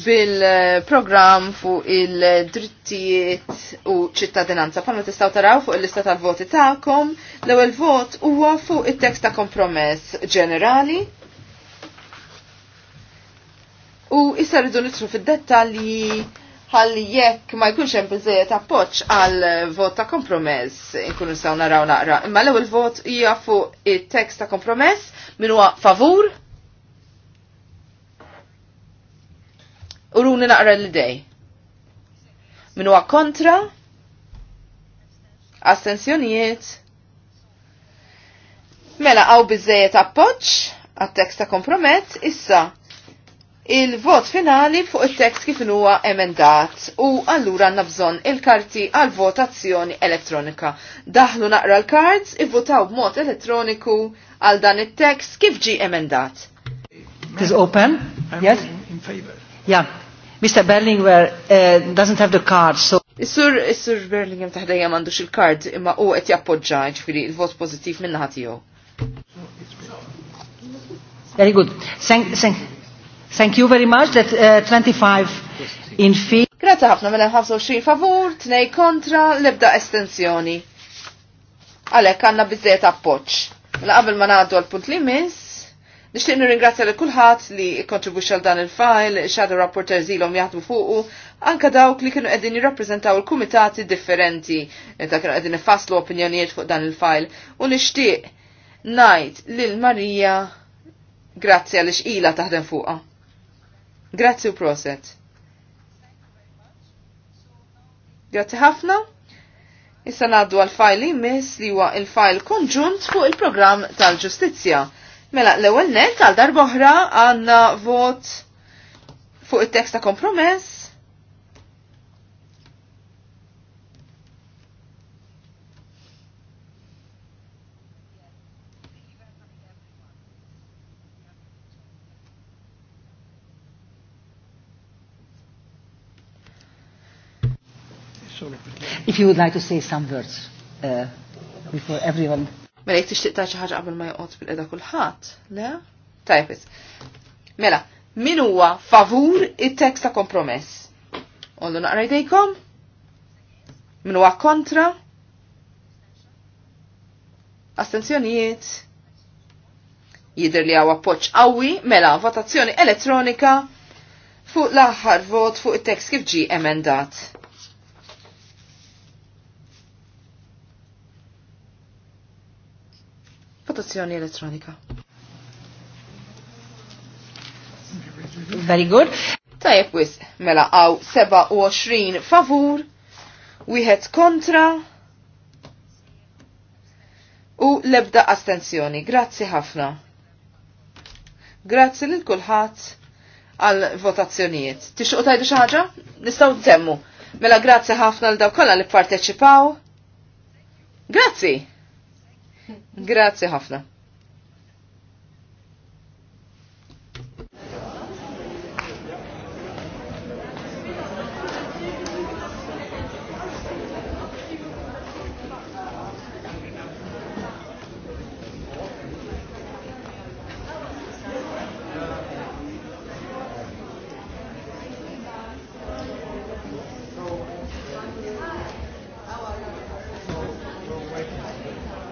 bil-program fuq il-drittijiet u ċittadinanza. Palma tistaw taraw fuq il-lista tal-voti ta'kom, l ewwel vot huwa fuq il-tekst ta' kompromess ġenerali. U issa rridu nitru fid-dettalji ħalli jekk ma jkunx hemm biżejjed appoġġ għal vot ta' kompromess nkunu nistgħu naraw naqra. Imma l-ewwel vot hija fuq it-tekst ta' kompromess min huwa favur. Uruni naqra l-idej. Min huwa kontra. Astensjonijiet. Mela qaw biżejjed appoġġ għat-tekst ta' kompromess issa il-vot finali fuq il-tekst kif huwa emendat u allura għandna bżonn il-karti għal votazzjoni elettronika. Daħlu naqra l-kards, ivvotaw b'mod elettroniku għal dan il-tekst kif ġi emendat. It is open? I'm yes? In favor. Yeah. Mr. Berlinger uh, doesn't have the card, so... Is-sur, is-sur Berlinger taħdejja mandux il-kard imma u qed jappoġġa ġifieri il-vot pozitiv minna ħatiju. Very good. Thank, thank, Thank you very much. That uh, 25 in fi. Grazie ħafna mela 25 favur, 2 kontra, lebda estensjoni. Għalek għanna bizzejt appoċ. La mela qabel ma ngħaddu għal punt li miss, nixtieq nirringrazzja lil kulħadd li kontribwixxa għal dan il-file, shadow rapporter ilhom jaħdmu fuqu, anka dawk li kienu qegħdin jirrappreżentaw il-kumitati differenti, ta' e, kienu qegħdin ifasslu opinjonijiet fuq dan il-file, u nixtieq ngħid lil Marija grazzja li xqila taħdem fuqha. Grazzi u proset. Grazzi ħafna. Issa naddu għal fajl imis li huwa il-fajl konġunt fuq il-programm tal-ġustizzja. Mela, l-ewwel net għal darboħra, għanna għandna vot fuq it-tekst ta' kompromess If you would like to say some words uh, before everyone. Mela jek tixtieq taċi ħaġa qabel ma jqot bil-qeda kulħadd, le? Tajfis. Mela, min huwa favur it-tekst ta' kompromess? Ollu naqra jdejkom? Min huwa kontra? Astenzjonijiet? Jider li għawa poċ qawwi, mela votazzjoni elettronika fuq l-aħħar vot fuq it-tekst kif ġi emendat. votazzjoni elettronika. Very good. Tajjeb wis, mela għaw 27 favur, wieħed kontra u lebda astenzjoni. Grazzi ħafna. Grazzi lil kulħadd għal votazzjonijiet. Tixuq tajdu xi ħaġa? Nistgħu temmu. Mela grazzi ħafna l dawk kollha li pparteċipaw. Grazzi. Grazie ħafna.